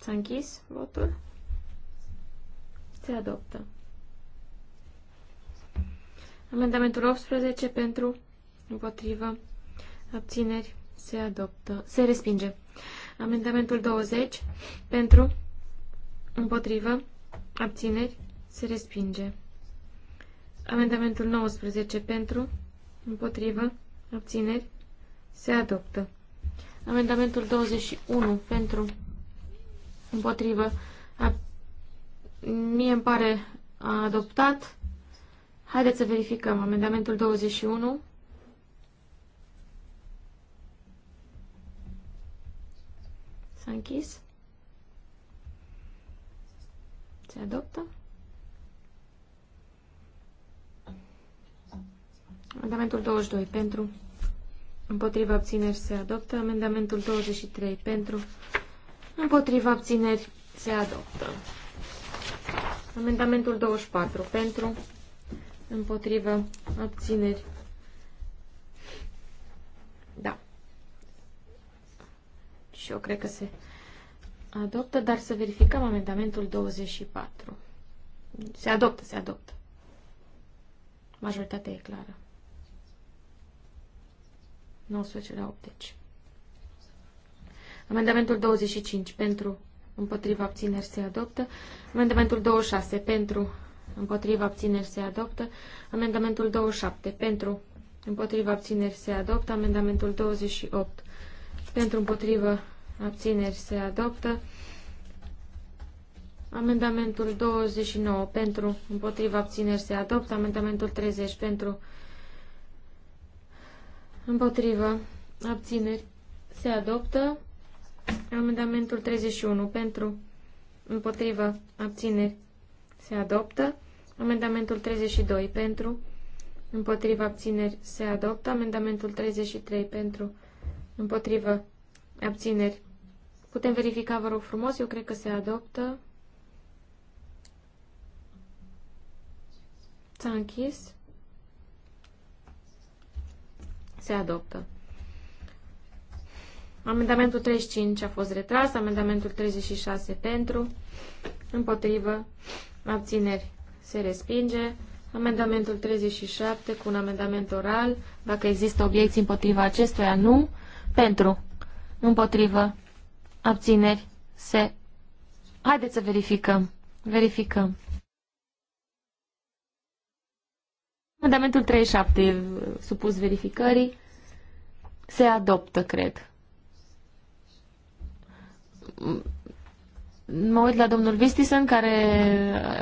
S-a închis votul. Se adoptă. Amendamentul 18 pentru, împotrivă, abțineri, se adoptă, se respinge. Amendamentul 20 pentru, Împotrivă. Abțineri. Se respinge. Amendamentul 19 pentru. Împotrivă. Abțineri. Se adoptă. Amendamentul 21 pentru. Împotrivă. A, mie îmi pare adoptat. Haideți să verificăm. Amendamentul 21. S-a închis. se adoptă. Amendamentul 22 pentru, împotriva abțineri se adoptă. Amendamentul 23 pentru, împotriva abțineri se adoptă. Amendamentul 24 pentru, împotriva abțineri. Da. Și eu cred că se adoptă, dar să verificăm amendamentul 24. Se adoptă, se adoptă. Majoritatea e clară. 19 la 80. Amendamentul 25 pentru împotriva abțineri se adoptă. Amendamentul 26 pentru împotriva abțineri se adoptă. Amendamentul 27 pentru împotriva abțineri se adoptă. Amendamentul 28 pentru împotriva abțineri se adoptă. Amendamentul 29 pentru, împotriva abțineri se adoptă. Amendamentul 30 pentru, împotriva abțineri se adoptă. Amendamentul 31 pentru, împotriva abțineri se adoptă. Amendamentul 32 pentru, împotriva abțineri se adoptă. Amendamentul 33 pentru, împotriva abțineri Putem verifica, vă rog frumos, eu cred că se adoptă. S-a închis. Se adoptă. Amendamentul 35 a fost retras, amendamentul 36 pentru, împotrivă, abțineri se respinge, amendamentul 37 cu un amendament oral, dacă există obiecții împotriva acestuia, nu, pentru, împotrivă, abțineri, se... Haideți să verificăm. Verificăm. Amendamentul 37, supus verificării, se adoptă, cred. Mă uit la domnul Vistisen care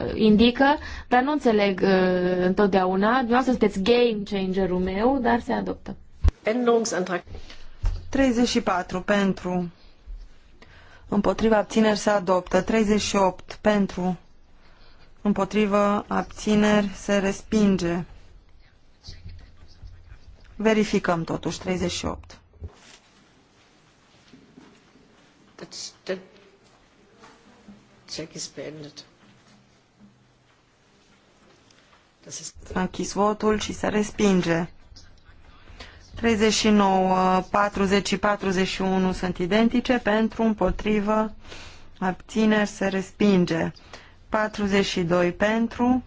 uh, indică, dar nu înțeleg uh, întotdeauna. să sunteți game changerul meu, dar se adoptă. 34 pentru împotriva abțineri se adoptă. 38 pentru, împotriva abțineri se respinge. Verificăm totuși 38. S-a închis votul și se respinge. 39, 40 și 41 sunt identice, pentru, împotrivă, abțineri, se respinge. 42 pentru,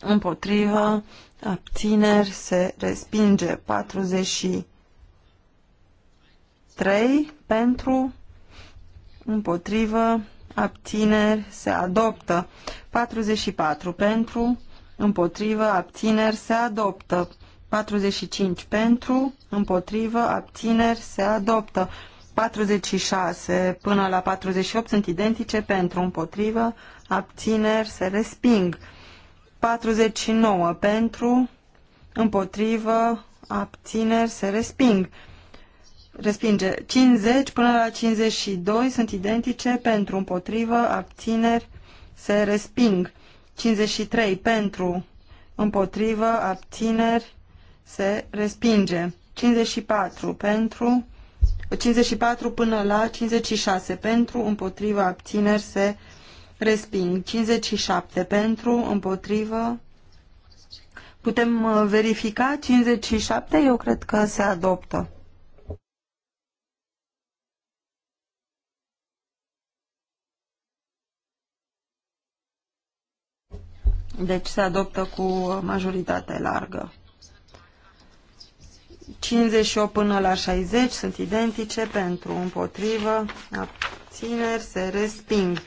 împotrivă, abțineri, se respinge. 43 pentru, împotrivă, abțineri, se adoptă. 44 pentru, împotrivă, abțineri, se adoptă. 45 pentru, împotrivă, abțineri, se adoptă. 46 până la 48 sunt identice pentru, împotrivă, abțineri, se resping. 49 pentru, împotrivă, abțineri, se resping. Respinge. 50 până la 52 sunt identice pentru, împotrivă, abțineri, se resping. 53 pentru, împotrivă, abțineri, se respinge. 54 pentru 54 până la 56 pentru, împotriva abțineri se resping. 57 pentru, împotrivă. Putem uh, verifica 57, eu cred că se adoptă. Deci se adoptă cu majoritate largă. 58 până la 60 sunt identice pentru împotrivă, abțineri, se resping.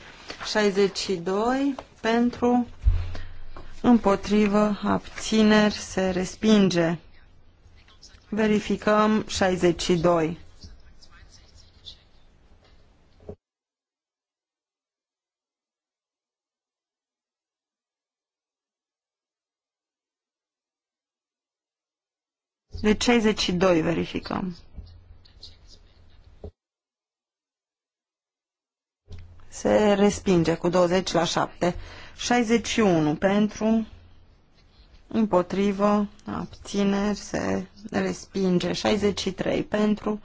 62 pentru împotrivă, abțineri, se respinge. Verificăm 62. De 62 verificăm. Se respinge cu 20 la 7. 61 pentru, împotrivă, abțineri, se respinge. 63 pentru,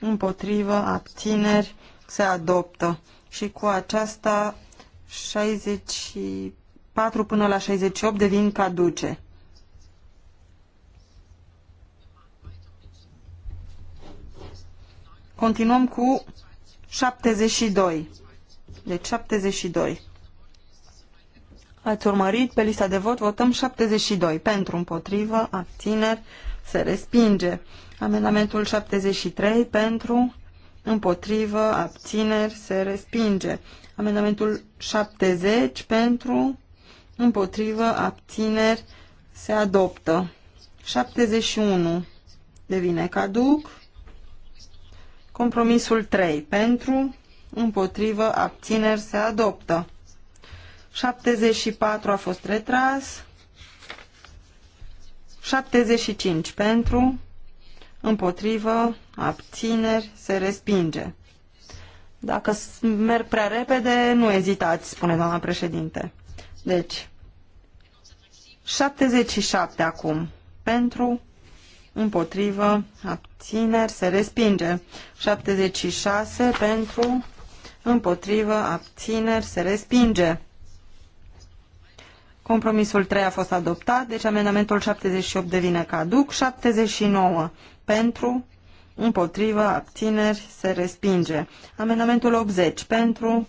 împotrivă, abțineri, se adoptă. Și cu aceasta 64 până la 68 devin caduce. Continuăm cu 72. Deci 72. Ați urmărit pe lista de vot, votăm 72. Pentru, împotrivă, abțineri, se respinge. Amendamentul 73, pentru, împotrivă, abțineri, se respinge. Amendamentul 70, pentru, împotrivă, abțineri, se adoptă. 71 devine caduc. Compromisul 3 pentru, împotrivă, abțineri se adoptă. 74 a fost retras. 75 pentru, împotrivă, abțineri, se respinge. Dacă merg prea repede, nu ezitați, spune doamna președinte. Deci, 77 acum, pentru, împotrivă, abțineri, se respinge. 76 pentru, împotrivă, abțineri, se respinge. Compromisul 3 a fost adoptat, deci amendamentul 78 devine caduc. 79 pentru, împotrivă, abțineri, se respinge. Amendamentul 80 pentru,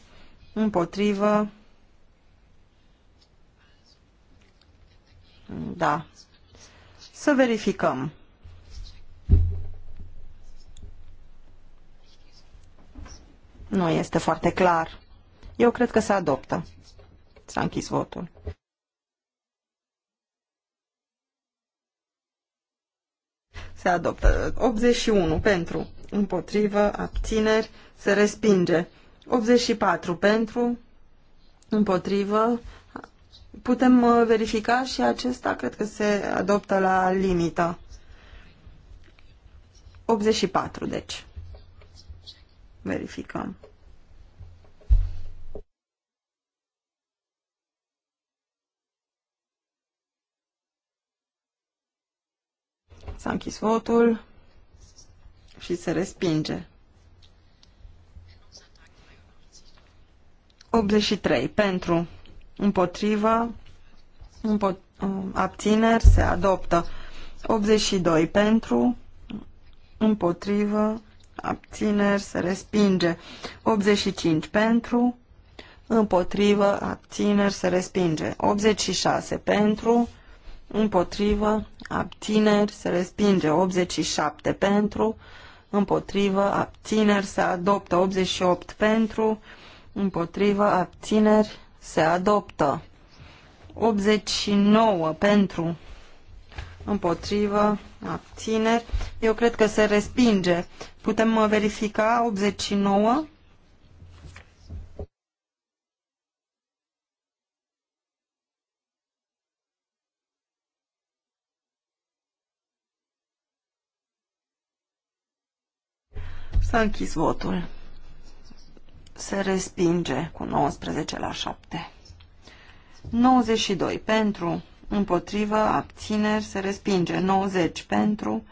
împotrivă, da. Să verificăm. Nu este foarte clar. Eu cred că se adoptă. S-a închis votul. Se adoptă. 81 pentru, împotrivă, abțineri, se respinge. 84 pentru, împotrivă. Putem uh, verifica și acesta, cred că se adoptă la limită. 84, deci. Verificăm. S-a închis votul și se respinge. 83 pentru, împotrivă, împot, uh, abțineri, se adoptă. 82 pentru, împotrivă, abțineri, se respinge. 85 pentru, împotrivă, abțineri, se respinge. 86 pentru, împotrivă, abțineri, se respinge. 87 pentru, împotrivă, abțineri, se adoptă. 88 pentru, împotrivă, abțineri, se adoptă. 89 pentru, împotrivă, abțineri. Eu cred că se respinge. Putem uh, verifica 89? S-a închis votul. Se respinge cu 19 la 7. 92 pentru împotrivă, abțineri, se respinge. 90 pentru,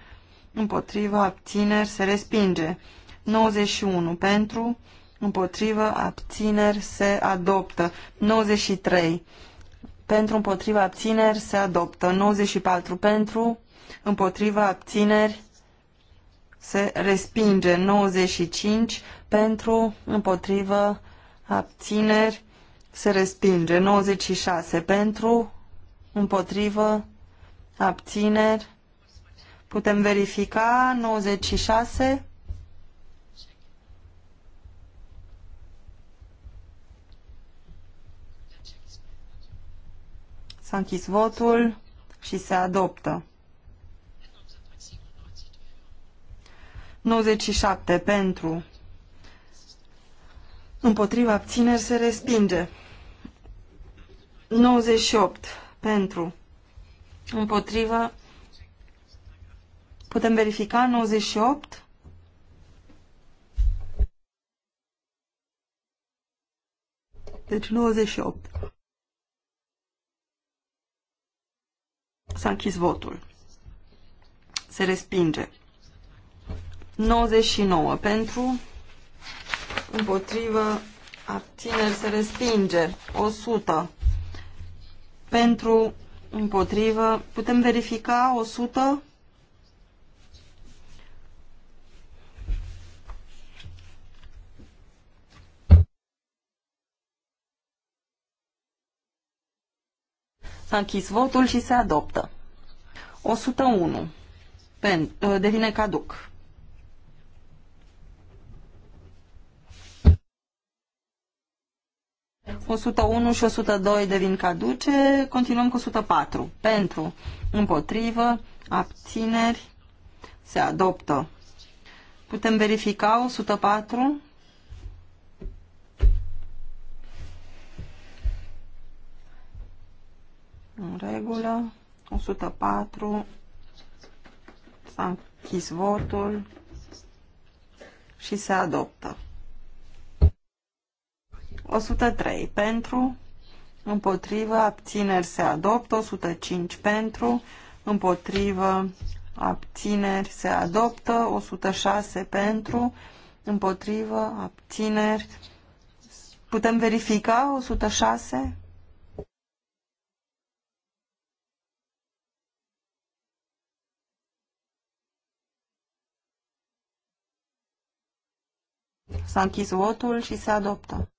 împotrivă, abțineri, se respinge. 91 pentru, împotrivă, abțineri, se adoptă. 93 pentru, împotrivă, abțineri, se adoptă. 94 pentru, împotrivă, abțineri, se respinge. 95 pentru, împotrivă, abțineri, se respinge. 96 pentru, împotrivă, abțineri, putem verifica, 96, S-a închis votul și se adoptă. 97 pentru. Împotriva abțineri se respinge. 98 pentru, împotrivă, putem verifica 98. Deci 98. S-a închis votul. Se respinge. 99 pentru, împotrivă, abțineri se respinge. 100 pentru, împotrivă, putem verifica 100 S-a închis votul și se adoptă. 101. Pen, uh, devine caduc. 101 și 102 devin caduce. Continuăm cu 104. Pentru, împotrivă, abțineri, se adoptă. Putem verifica 104. În regulă. 104. S-a închis votul și se adoptă. 103 pentru, împotrivă, abțineri se adoptă, 105 pentru, împotrivă, abțineri se adoptă, 106 pentru, împotrivă, abțineri. Putem verifica 106? S-a închis votul și se adoptă.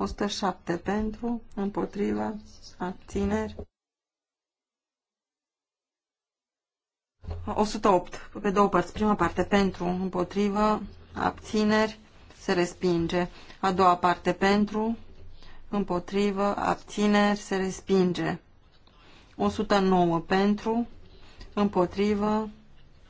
107 pentru, împotriva, abțineri. 108, pe două părți. Prima parte pentru, împotrivă, abțineri, se respinge. A doua parte pentru, împotrivă, abțineri, se respinge. 109 pentru, împotrivă,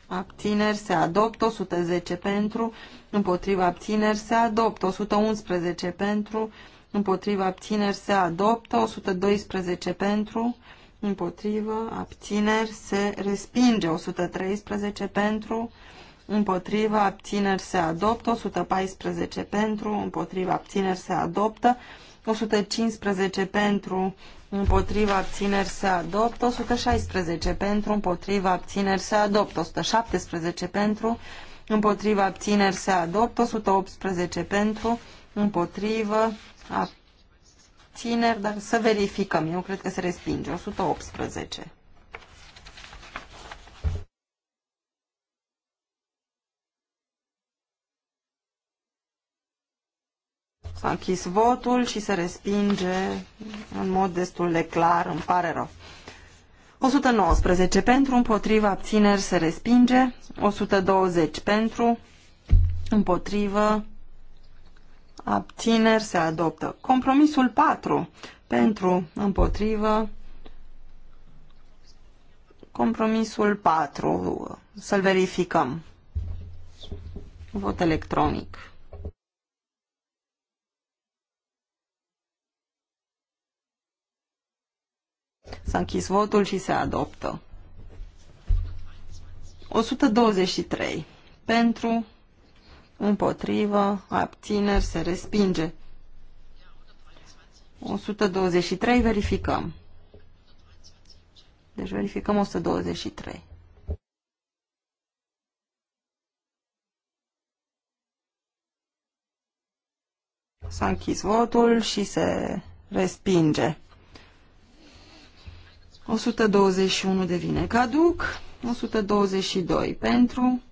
abțineri, se adoptă. 110 pentru, împotrivă, abțineri, se adoptă. 111 pentru, împotrivă, abțineri, se adoptă, 112 pentru, împotrivă, abțineri, se respinge, 113 pentru, împotrivă, abțineri, se adoptă, 114 pentru, împotrivă, abțineri, se adoptă, 115 pentru, împotriva abțineri se adoptă, 116 pentru, împotriva abțineri se adoptă, 117 pentru, împotriva abțineri se adoptă, 118 pentru, împotrivă abțineri, dar să verificăm. Eu cred că se respinge. 118. S-a închis votul și se respinge în mod destul de clar, îmi pare rău. 119 pentru, împotriva, abțineri, se respinge. 120 pentru, împotrivă, abțineri se adoptă. Compromisul 4 pentru, împotrivă, compromisul 4, să-l verificăm. Vot electronic. S-a închis votul și se adoptă. 123. Pentru, împotrivă, abțineri, se respinge. 123 verificăm. Deci verificăm 123. S-a închis votul și se respinge. 121 devine caduc, 122 pentru,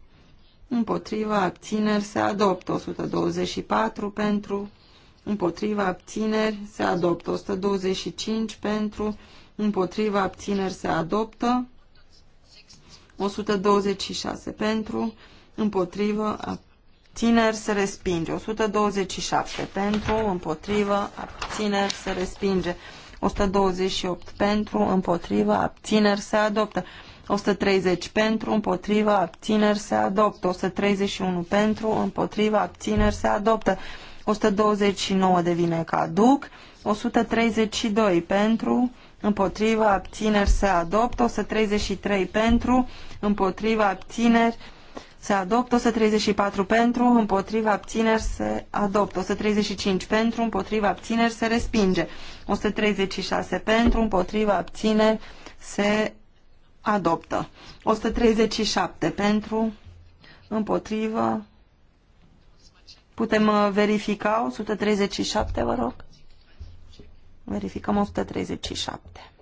împotriva abțineri se adoptă 124 pentru, împotriva abțineri se adoptă 125 pentru, împotriva abțineri se adoptă 126 pentru, împotriva abțineri se respinge 127 pentru, împotriva abțineri se respinge 128 pentru, împotriva abțineri se adoptă 130 pentru, împotrivă, abțineri se adoptă. 131 pentru, împotrivă, abțineri se adoptă. 129 devine caduc. 132 pentru, împotrivă, abțineri se adoptă. 133 pentru, împotrivă, abțineri se adoptă 134 pentru, împotriva abțineri se adoptă 135 pentru, împotriva abțineri se respinge 136 pentru, împotriva abțineri se adoptă. 137 pentru, împotrivă. Putem uh, verifica 137, vă rog? Verificăm 137.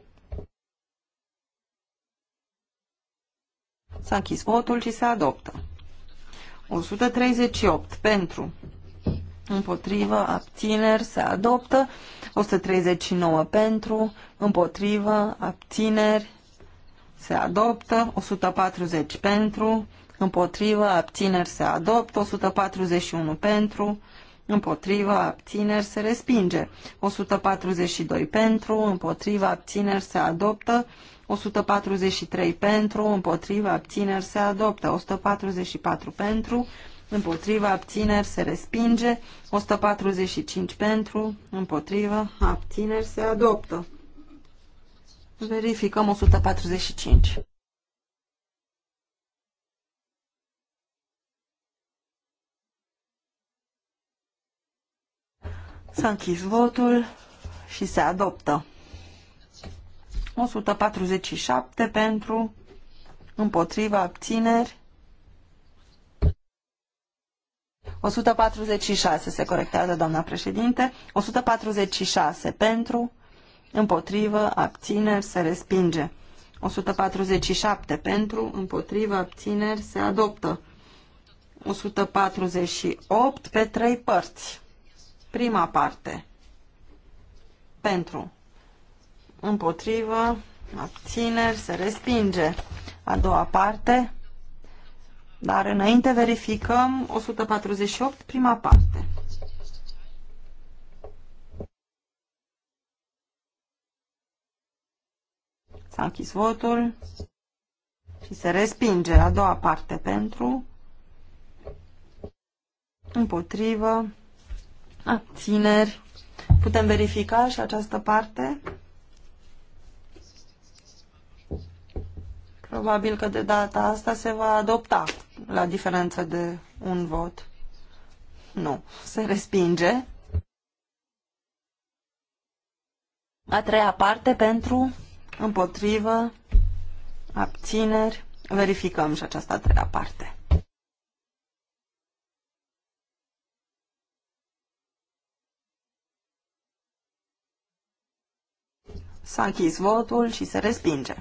S-a închis votul și se adoptă. 138 pentru, împotrivă, abțineri, se adoptă. 139 pentru, împotrivă, abțineri, se adoptă, 140 pentru, împotrivă, abțineri se adoptă, 141 pentru, împotrivă, abțineri se respinge, 142 pentru, împotrivă, abțineri se adoptă, 143 pentru, împotrivă, abțineri se adoptă, 144 pentru, împotrivă, abțineri se respinge, 145 pentru, împotrivă, abțineri se adoptă. Verificăm 145. S-a închis votul și se adoptă. 147 pentru, împotriva, abțineri. 146 se corectează, doamna președinte. 146 pentru, împotrivă, abțineri, se respinge. 147 pentru, împotrivă, abțineri, se adoptă. 148 pe trei părți. Prima parte. Pentru. Împotrivă, abțineri, se respinge. A doua parte. Dar înainte verificăm 148, prima parte. închis votul și se respinge a doua parte pentru, împotrivă, abțineri. Putem verifica și această parte? Probabil că de data asta se va adopta, la diferență de un vot. Nu, se respinge. A treia parte pentru împotrivă, abțineri, verificăm și această a treia parte. S-a închis votul și se respinge.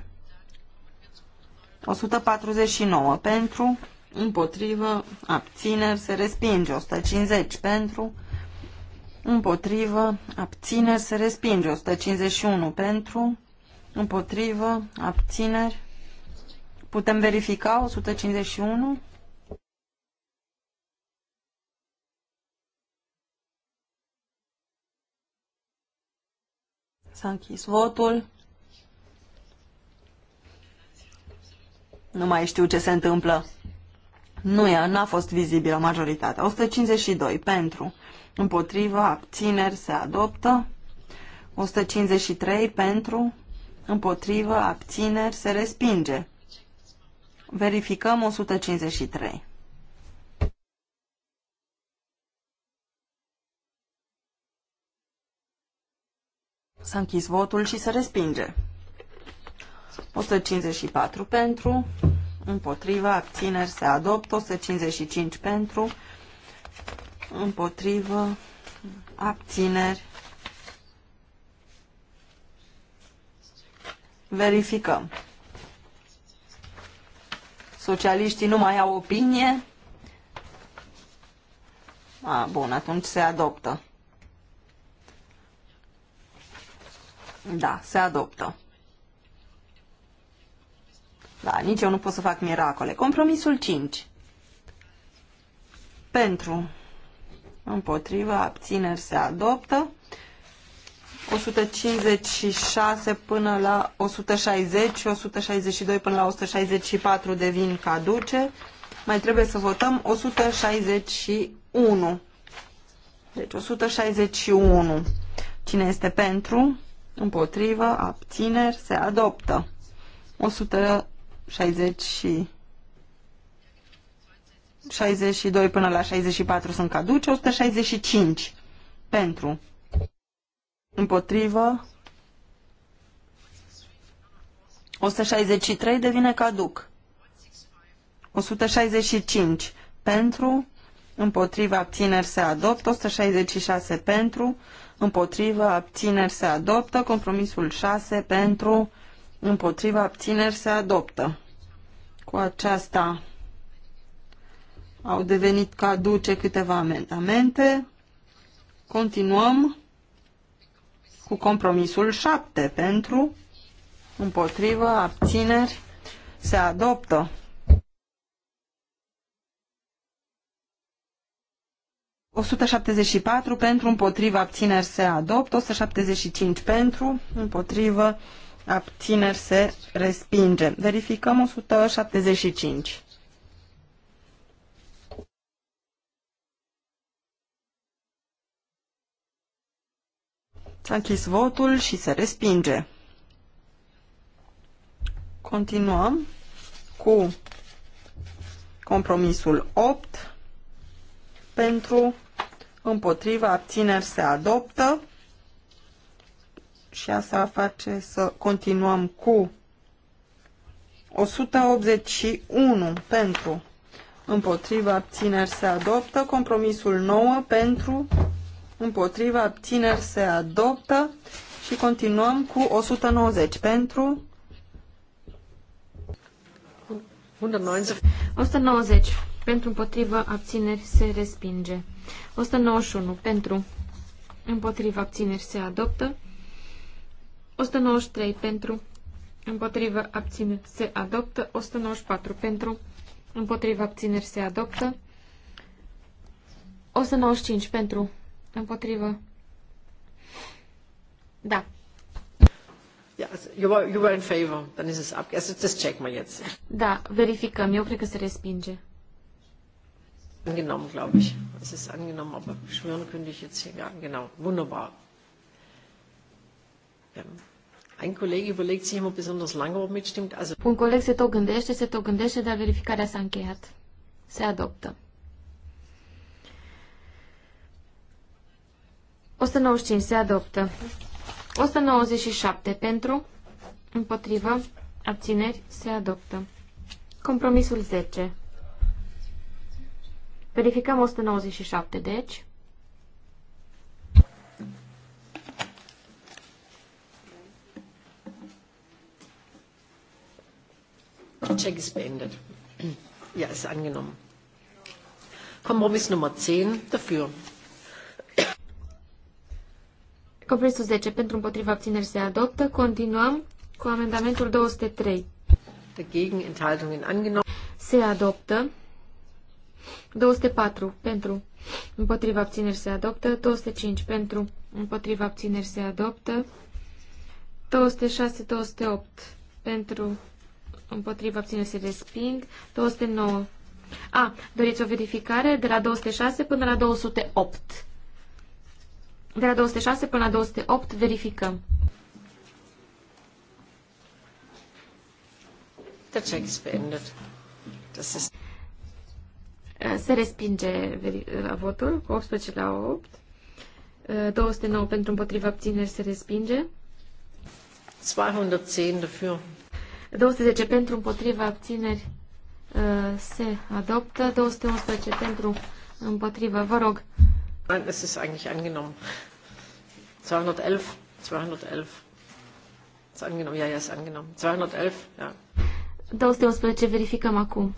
149 pentru, împotrivă, abțineri, se respinge. 150 pentru, împotrivă, abțineri, se respinge. 151 pentru, Împotrivă, abțineri. Putem verifica 151. S-a închis votul. Nu mai știu ce se întâmplă. Nu e, n-a fost vizibilă majoritatea. 152 pentru, împotrivă, abțineri, se adoptă. 153 pentru, împotrivă, abțineri, se respinge. Verificăm 153. S-a închis votul și se respinge. 154 pentru, împotrivă, abțineri se adoptă, 155 pentru, împotrivă, abțineri Verificăm. Socialiștii nu mai au opinie? A, bun, atunci se adoptă. Da, se adoptă. Da, nici eu nu pot să fac miracole. Compromisul 5. Pentru. Împotriva, abțineri se adoptă. 156 până la 160 și 162 până la 164 devin caduce. Mai trebuie să votăm 161. Deci 161. Cine este pentru? Împotrivă, abțineri, se adoptă. 162 și 62 până la 64 sunt caduce, 165 pentru împotrivă, 163 devine caduc. 165 pentru, împotrivă, abțineri se adoptă, 166 pentru, împotrivă, abțineri se adoptă, compromisul 6 pentru, împotrivă, abțineri se adoptă. Cu aceasta au devenit caduce câteva amendamente. Continuăm cu compromisul 7 pentru, împotrivă, abțineri, se adoptă. ...174 pentru, împotrivă, abțineri se adoptă, 175 pentru, împotrivă, abțineri se respinge. Verificăm 175. S-a închis votul și se respinge. Continuăm cu compromisul 8 pentru împotriva abțineri se adoptă și asta face să continuăm cu 181 pentru împotriva abțineri se adoptă compromisul 9 pentru împotriva, abțineri se adoptă și continuăm cu 190 pentru 190. 190 pentru împotrivă, abțineri se respinge. 191 pentru împotrivă, abțineri se adoptă. 193 pentru împotrivă, abțineri se adoptă. 194 pentru împotrivă, abțineri se adoptă. 195 pentru Împotrivă. Da. Yeah, you were, you were in favor. Dann jetzt. Da, verificăm. Eu cred că se respinge. Angenommen, glaube ich. Es ist angenommen, aber schwören könnte ich jetzt hier gar nicht. Genau. Wunderbar. Ähm, ein Kollege überlegt sich immer besonders lange, ob mitstimmt. Also Un coleg se tot gândește, se tot gândește, dar verificarea s-a încheiat. Se adoptă. 195 se adoptă. 197 pentru, împotrivă, abțineri, se adoptă. Compromisul 10. Verificăm 197, deci. Check is beendet. Ja, ist angenommen. Kompromiss Nummer 10 dafür. Compromisul 10 pentru împotriva abțineri se adoptă. Continuăm cu amendamentul 203. Dagegen Enthaltungen angenommen. Se adoptă. 204 pentru împotriva abțineri se adoptă. 205 pentru împotriva abțineri se adoptă. 206-208 pentru împotriva abțineri se resping. 209. A, doriți o verificare de la 206 până la 208. De la 206 până la 208 verificăm. check se respinge la votul cu 18 la 8. 209 uh, pentru împotriva abțineri se respinge. 210 210 pentru împotriva abțineri uh, se adoptă. 211 pentru împotriva. Vă rog, Nein, es ist eigentlich angenommen. 211, 211. Ist angenommen, ja, ja, ist angenommen. 211, ja. 211 verificăm acum.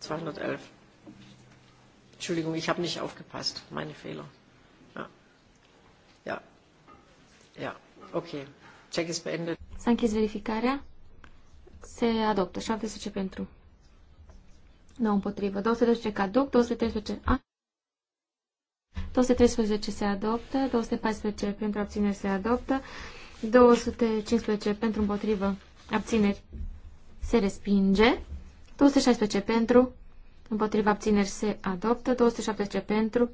211. Entschuldigung, ich habe nicht aufgepasst. Meine Fehler. Ja. Ja. Ja. Okay. Check ist beendet. S-a închis verificarea. Se adoptă. 17 pentru. Nu împotrivă. 212 caduc, 213 a. 213 se adoptă, 214 pentru abțineri se adoptă, 215 pentru împotrivă abțineri se respinge, 216 pentru împotrivă abțineri se adoptă, 217 pentru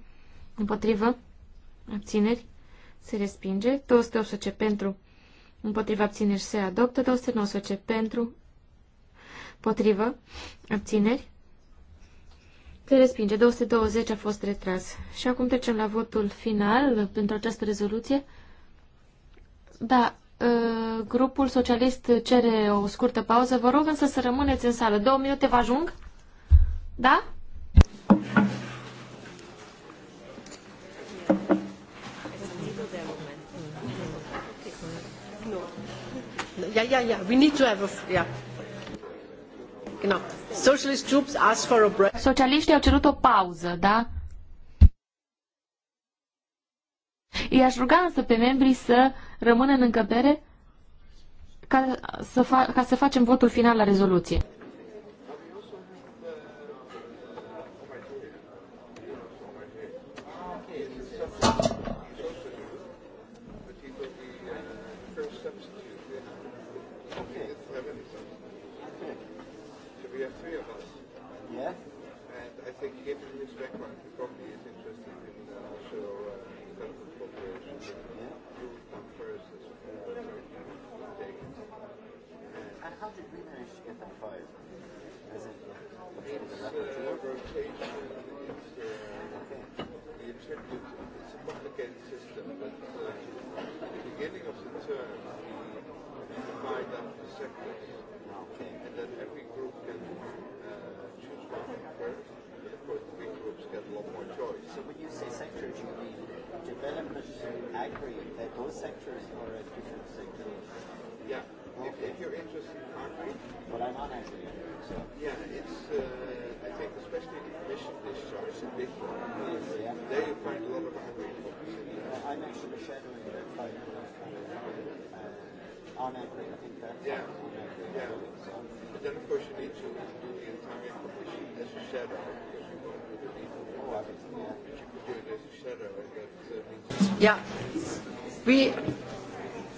împotrivă abțineri se respinge, 218 pentru împotrivă abțineri se adoptă, 219 pentru împotrivă abțineri se respinge. 220 a fost retras. Și acum trecem la votul final pentru această rezoluție. Da, ă, grupul socialist cere o scurtă pauză. Vă rog însă să rămâneți în sală. Două minute vă ajung? Da? Yeah, yeah, yeah. We need to have a... Yeah. Socialiștii au cerut o pauză, da? I-aș ruga însă pe membrii să rămână în încăpere ca să, fa- ca să facem votul final la rezoluție.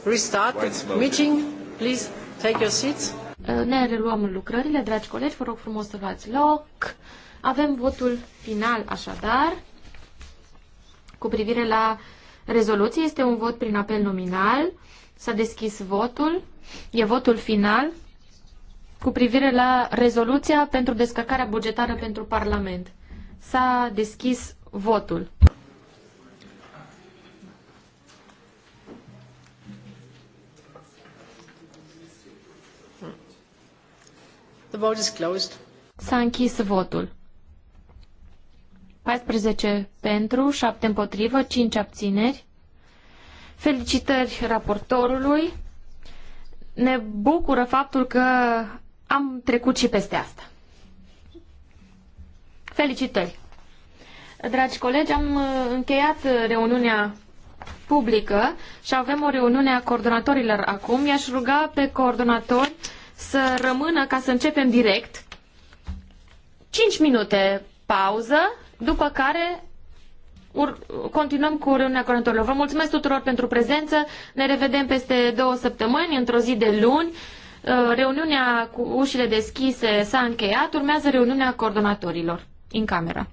restart meeting. Please take your seats. Ă, ne reluăm lucrările, dragi colegi, vă rog frumos să luați loc. Avem votul final, așadar, cu privire la rezoluție. Este un vot prin apel nominal. S-a deschis votul. E votul final cu privire la rezoluția pentru descărcarea bugetară pentru Parlament. S-a deschis votul. The vote is closed. S-a închis votul. 14 pentru, 7 împotrivă, 5 abțineri. Felicitări raportorului. Ne bucură faptul că am trecut și peste asta. Felicitări! Dragi colegi, am uh, încheiat uh, reuniunea publică și avem o reuniune a coordonatorilor acum. I-aș ruga pe coordonatori să rămână ca să începem direct. 5 minute pauză, după care continuăm cu reuniunea coordonatorilor. Vă mulțumesc tuturor pentru prezență. Ne revedem peste două săptămâni, într-o zi de luni. Uh, reuniunea cu ușile deschise s-a încheiat. Urmează reuniunea coordonatorilor, în camera.